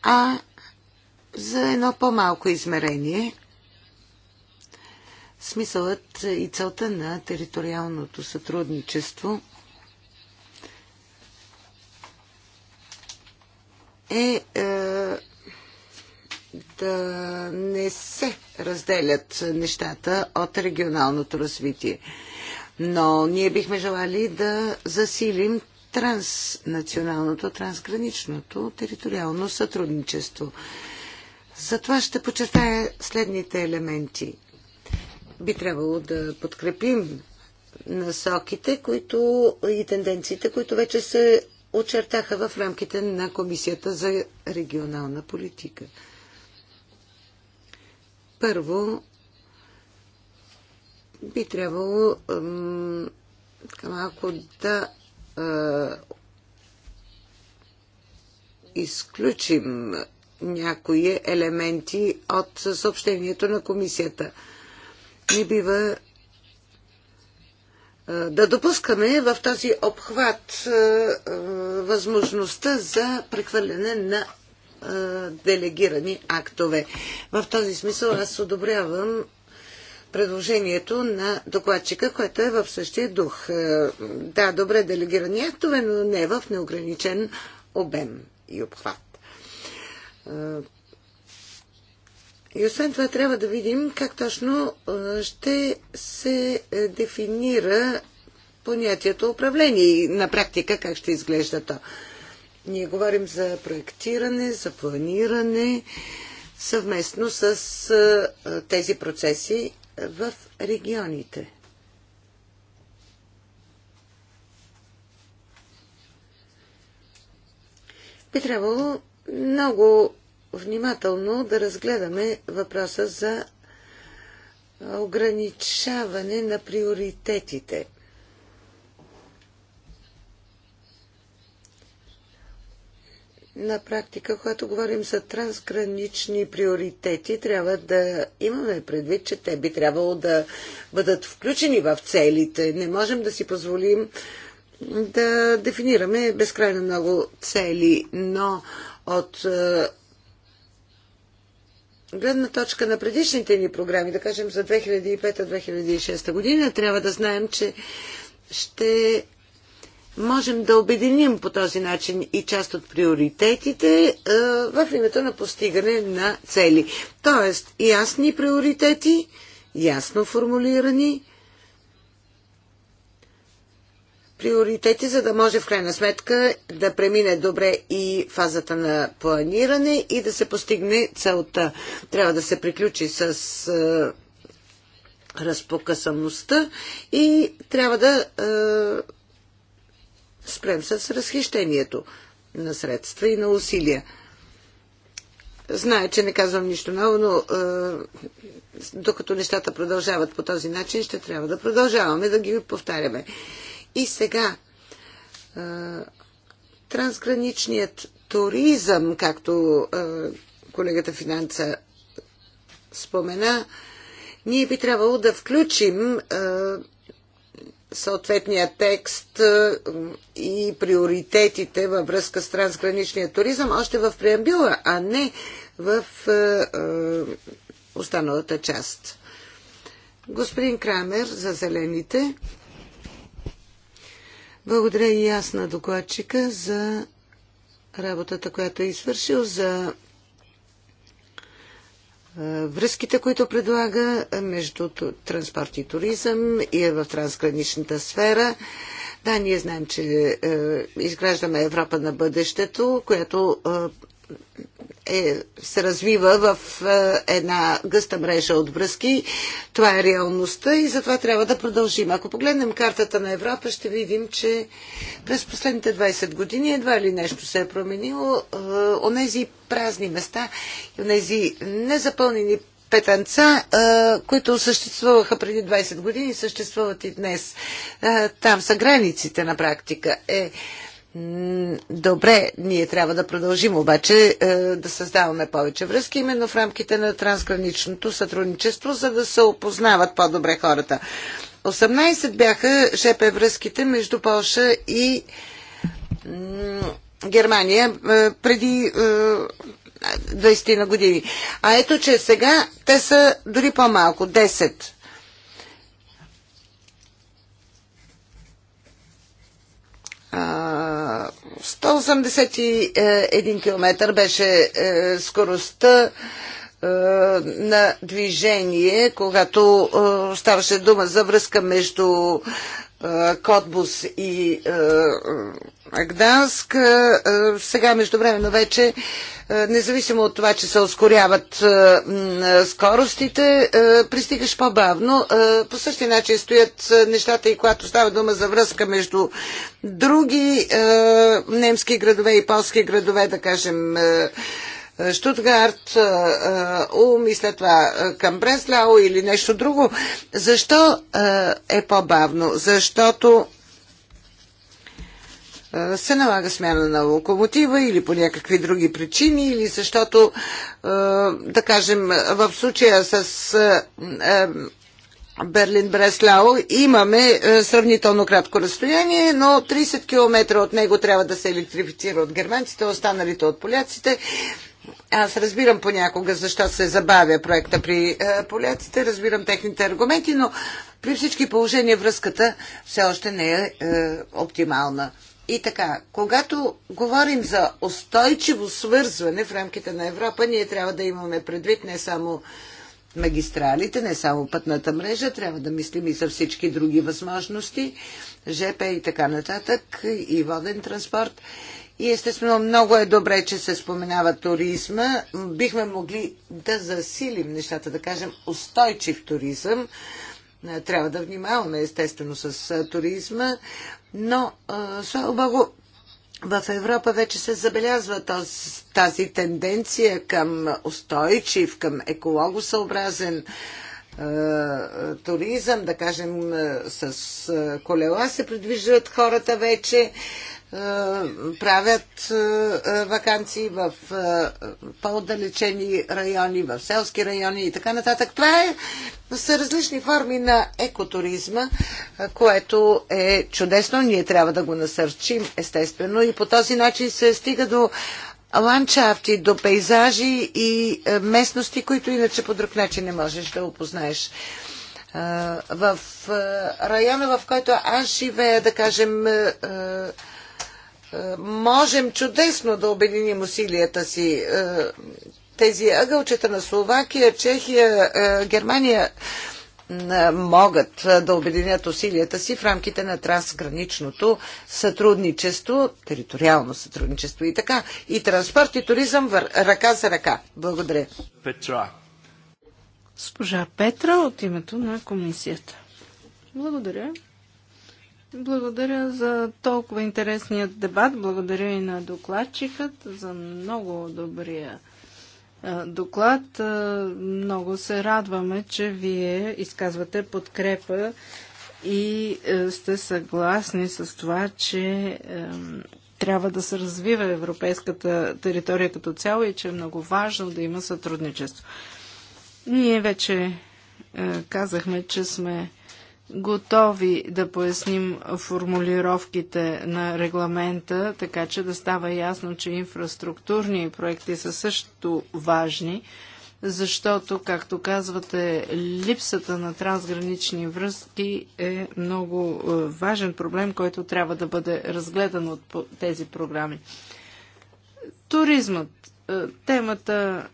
а за едно по-малко измерение. Смисълът и целта на териториалното сътрудничество е, е да не се разделят нещата от регионалното развитие. Но ние бихме желали да засилим транснационалното, трансграничното териториално сътрудничество. Затова ще почертая следните елементи. Би трябвало да подкрепим насоките които, и тенденциите, които вече се очертаха в рамките на Комисията за регионална политика. Първо, би трябвало така малко да изключим някои елементи от съобщението на комисията. Не бива да допускаме в този обхват възможността за прехвърляне на делегирани актове. В този смисъл аз одобрявам предложението на докладчика, което е в същия дух. Е, да, добре делегирани актове, но не в неограничен обем и обхват. Е, и освен това трябва да видим как точно е, ще се дефинира понятието управление и на практика как ще изглежда то. Ние говорим за проектиране, за планиране, съвместно с тези процеси в регионите. Би трябвало много внимателно да разгледаме въпроса за ограничаване на приоритетите – На практика, когато говорим за трансгранични приоритети, трябва да имаме предвид, че те би трябвало да бъдат включени в целите. Не можем да си позволим да дефинираме безкрайно много цели, но от е, гледна точка на предишните ни програми, да кажем за 2005-2006 година, трябва да знаем, че ще можем да обединим по този начин и част от приоритетите е, в името на постигане на цели. Тоест, ясни приоритети, ясно формулирани приоритети, за да може в крайна сметка да премине добре и фазата на планиране и да се постигне целта. Трябва да се приключи с е, разпокъсаността и трябва да е, спрем с разхищението на средства и на усилия. Знае, че не казвам нищо ново, но е, докато нещата продължават по този начин, ще трябва да продължаваме да ги повтаряме. И сега, е, трансграничният туризъм, както е, колегата Финанца спомена, ние би трябвало да включим е, съответния текст е, и приоритетите във връзка с трансграничния туризъм още в преамбюла, а не в е, е, останалата част. Господин Крамер за зелените. Благодаря и аз на докладчика за работата, която е извършил, за е, връзките, които предлага е, между транспорт и туризъм и е в трансграничната сфера. Да, ние знаем, че изграждаме Европа на бъдещето, която е, се развива в е, една гъста мрежа от връзки. Това е реалността и затова трябва да продължим. Ако погледнем картата на Европа, ще видим, че през последните 20 години едва ли нещо се е променило. Е, онези празни места и онези незапълнени петанца, е, които съществуваха преди 20 години, съществуват и днес. Е, там са границите на практика. Е, Добре, ние трябва да продължим обаче е, да създаваме повече връзки именно в рамките на трансграничното сътрудничество, за да се опознават по-добре хората. 18 бяха шепе връзките между Польша и Германия е, преди 20 е, на години. А ето, че сега те са дори по-малко, 10. А, 181 км беше е, скоростта е, на движение, когато е, ставаше дума за връзка между Котбус и Гданск. Е, е, сега, междувременно вече, е, независимо от това, че се ускоряват скоростите, пристигаш по-бавно. По същия начин стоят нещата и когато става дума за връзка между други немски градове и полски градове, да кажем, Штутгарт, Ум и след това към Бресляо или нещо друго. Защо е по-бавно? Защото се налага смяна на локомотива или по някакви други причини, или защото, да кажем, в случая с Берлин-Бреслау имаме сравнително кратко разстояние, но 30 км от него трябва да се електрифицира от германците, останалите от поляците. Аз разбирам понякога защо се забавя проекта при поляците, разбирам техните аргументи, но при всички положения връзката все още не е оптимална. И така, когато говорим за устойчиво свързване в рамките на Европа, ние трябва да имаме предвид не само магистралите, не само пътната мрежа, трябва да мислим и за всички други възможности, ЖП и така нататък, и воден транспорт. И естествено много е добре, че се споменава туризма. Бихме могли да засилим нещата, да кажем устойчив туризъм. Трябва да внимаваме естествено с туризма. Но, слава богу, в Европа вече се забелязва този, тази тенденция към устойчив, към екологосъобразен туризъм, да кажем, с колела се придвижват хората вече. Е, правят е, е, вакансии в по-отдалечени райони, в селски райони и така нататък. Това е, са различни форми на екотуризма, което е чудесно. Ние трябва да го насърчим, естествено, и по този начин се стига до ландшафти, до пейзажи и местности, които иначе по друг начин не можеш да опознаеш в района, в който аз живея, да кажем, можем чудесно да обединим усилията си. Е, тези ъгълчета на Словакия, Чехия, е, Германия е, могат да обединят усилията си в рамките на трансграничното сътрудничество, териториално сътрудничество и така. И транспорт и туризъм ръка за ръка. Благодаря. Петра. Спожа Петра от името на комисията. Благодаря. Благодаря за толкова интересният дебат. Благодаря и на докладчикът за много добрия доклад. Много се радваме, че вие изказвате подкрепа и сте съгласни с това, че трябва да се развива европейската територия като цяло и че е много важно да има сътрудничество. Ние вече казахме, че сме готови да поясним формулировките на регламента, така че да става ясно, че инфраструктурни проекти са също важни, защото, както казвате, липсата на трансгранични връзки е много е, важен проблем, който трябва да бъде разгледан от тези програми. Туризмът. Е, темата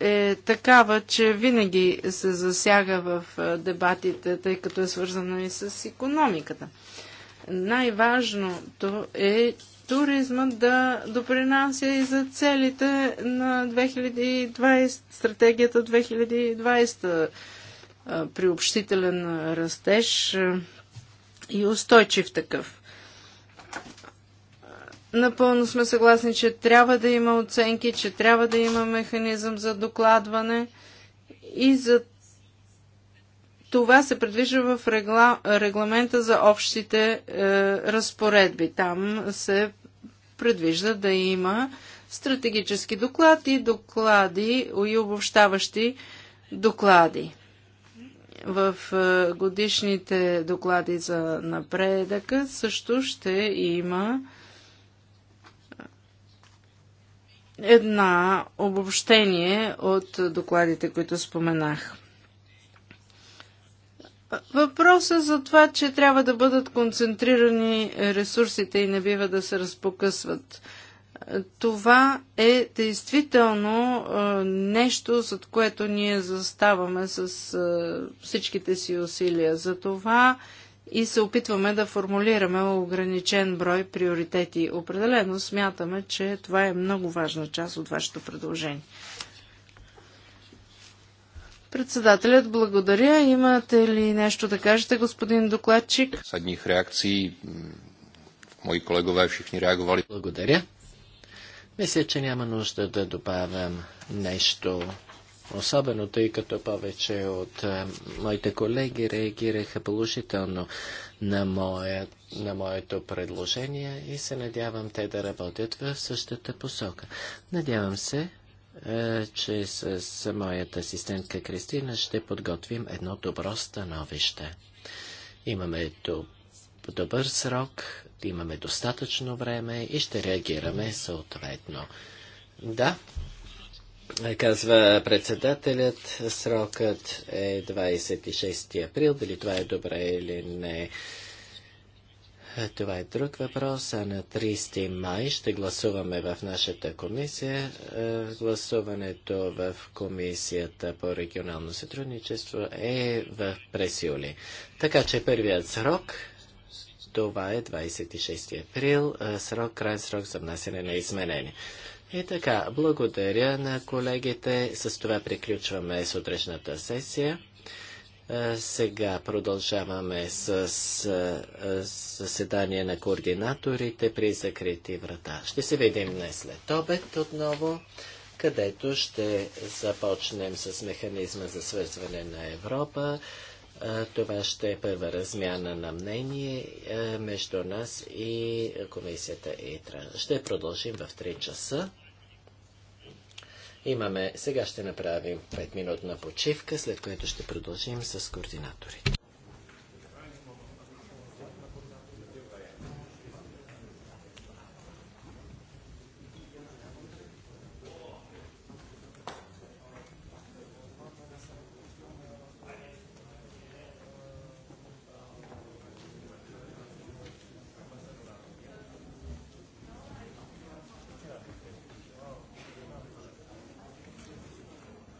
е такава, че винаги се засяга в е, дебатите, тъй като е свързана и с економиката. Най-важното е туризмът да допринася и за целите на 2020, стратегията 2020, е, приобщителен растеж е, и устойчив такъв. Напълно сме съгласни, че трябва да има оценки, че трябва да има механизъм за докладване и за това се предвижда в регла... регламента за общите е, разпоредби. Там се предвижда да има стратегически доклад и доклади и обобщаващи доклади. В е, годишните доклади за напредъка също ще има една обобщение от докладите, които споменах. Въпросът за това, че трябва да бъдат концентрирани ресурсите и не бива да се разпокъсват. Това е действително нещо, за което ние заставаме с всичките си усилия. За това и се опитваме да формулираме ограничен брой приоритети. Определено смятаме, че това е много важна част от вашето предложение. Председателят, благодаря. Имате ли нещо да кажете, господин докладчик? Съдних реакции, мои колегове, всички реагували. Благодаря. Мисля, че няма нужда да добавям нещо Особено тъй като повече от е, моите колеги реагираха положително на, моя, на моето предложение и се надявам те да работят в същата посока. Надявам се, е, че с, моята асистентка Кристина ще подготвим едно добро становище. Имаме добър срок, имаме достатъчно време и ще реагираме съответно. Да, е, казва председателят, срокът е 26 април. Дали това е добре или не? Е, това е друг въпрос. А на 30 май ще гласуваме в нашата комисия. Е, гласуването в комисията по регионално сътрудничество е в през юли. Така че първият срок това е 26 април, срок, край, срок за внасяне на изменения. И така, благодаря на колегите. С това приключваме сутрешната сесия. Сега продължаваме с заседание на координаторите при закрити врата. Ще се видим днес след обед отново, където ще започнем с механизма за свързване на Европа. Това ще е първа размяна на мнение между нас и комисията ИТРА. Ще продължим в 3 часа. Имаме, сега ще направим 5 минутна почивка, след което ще продължим с координаторите.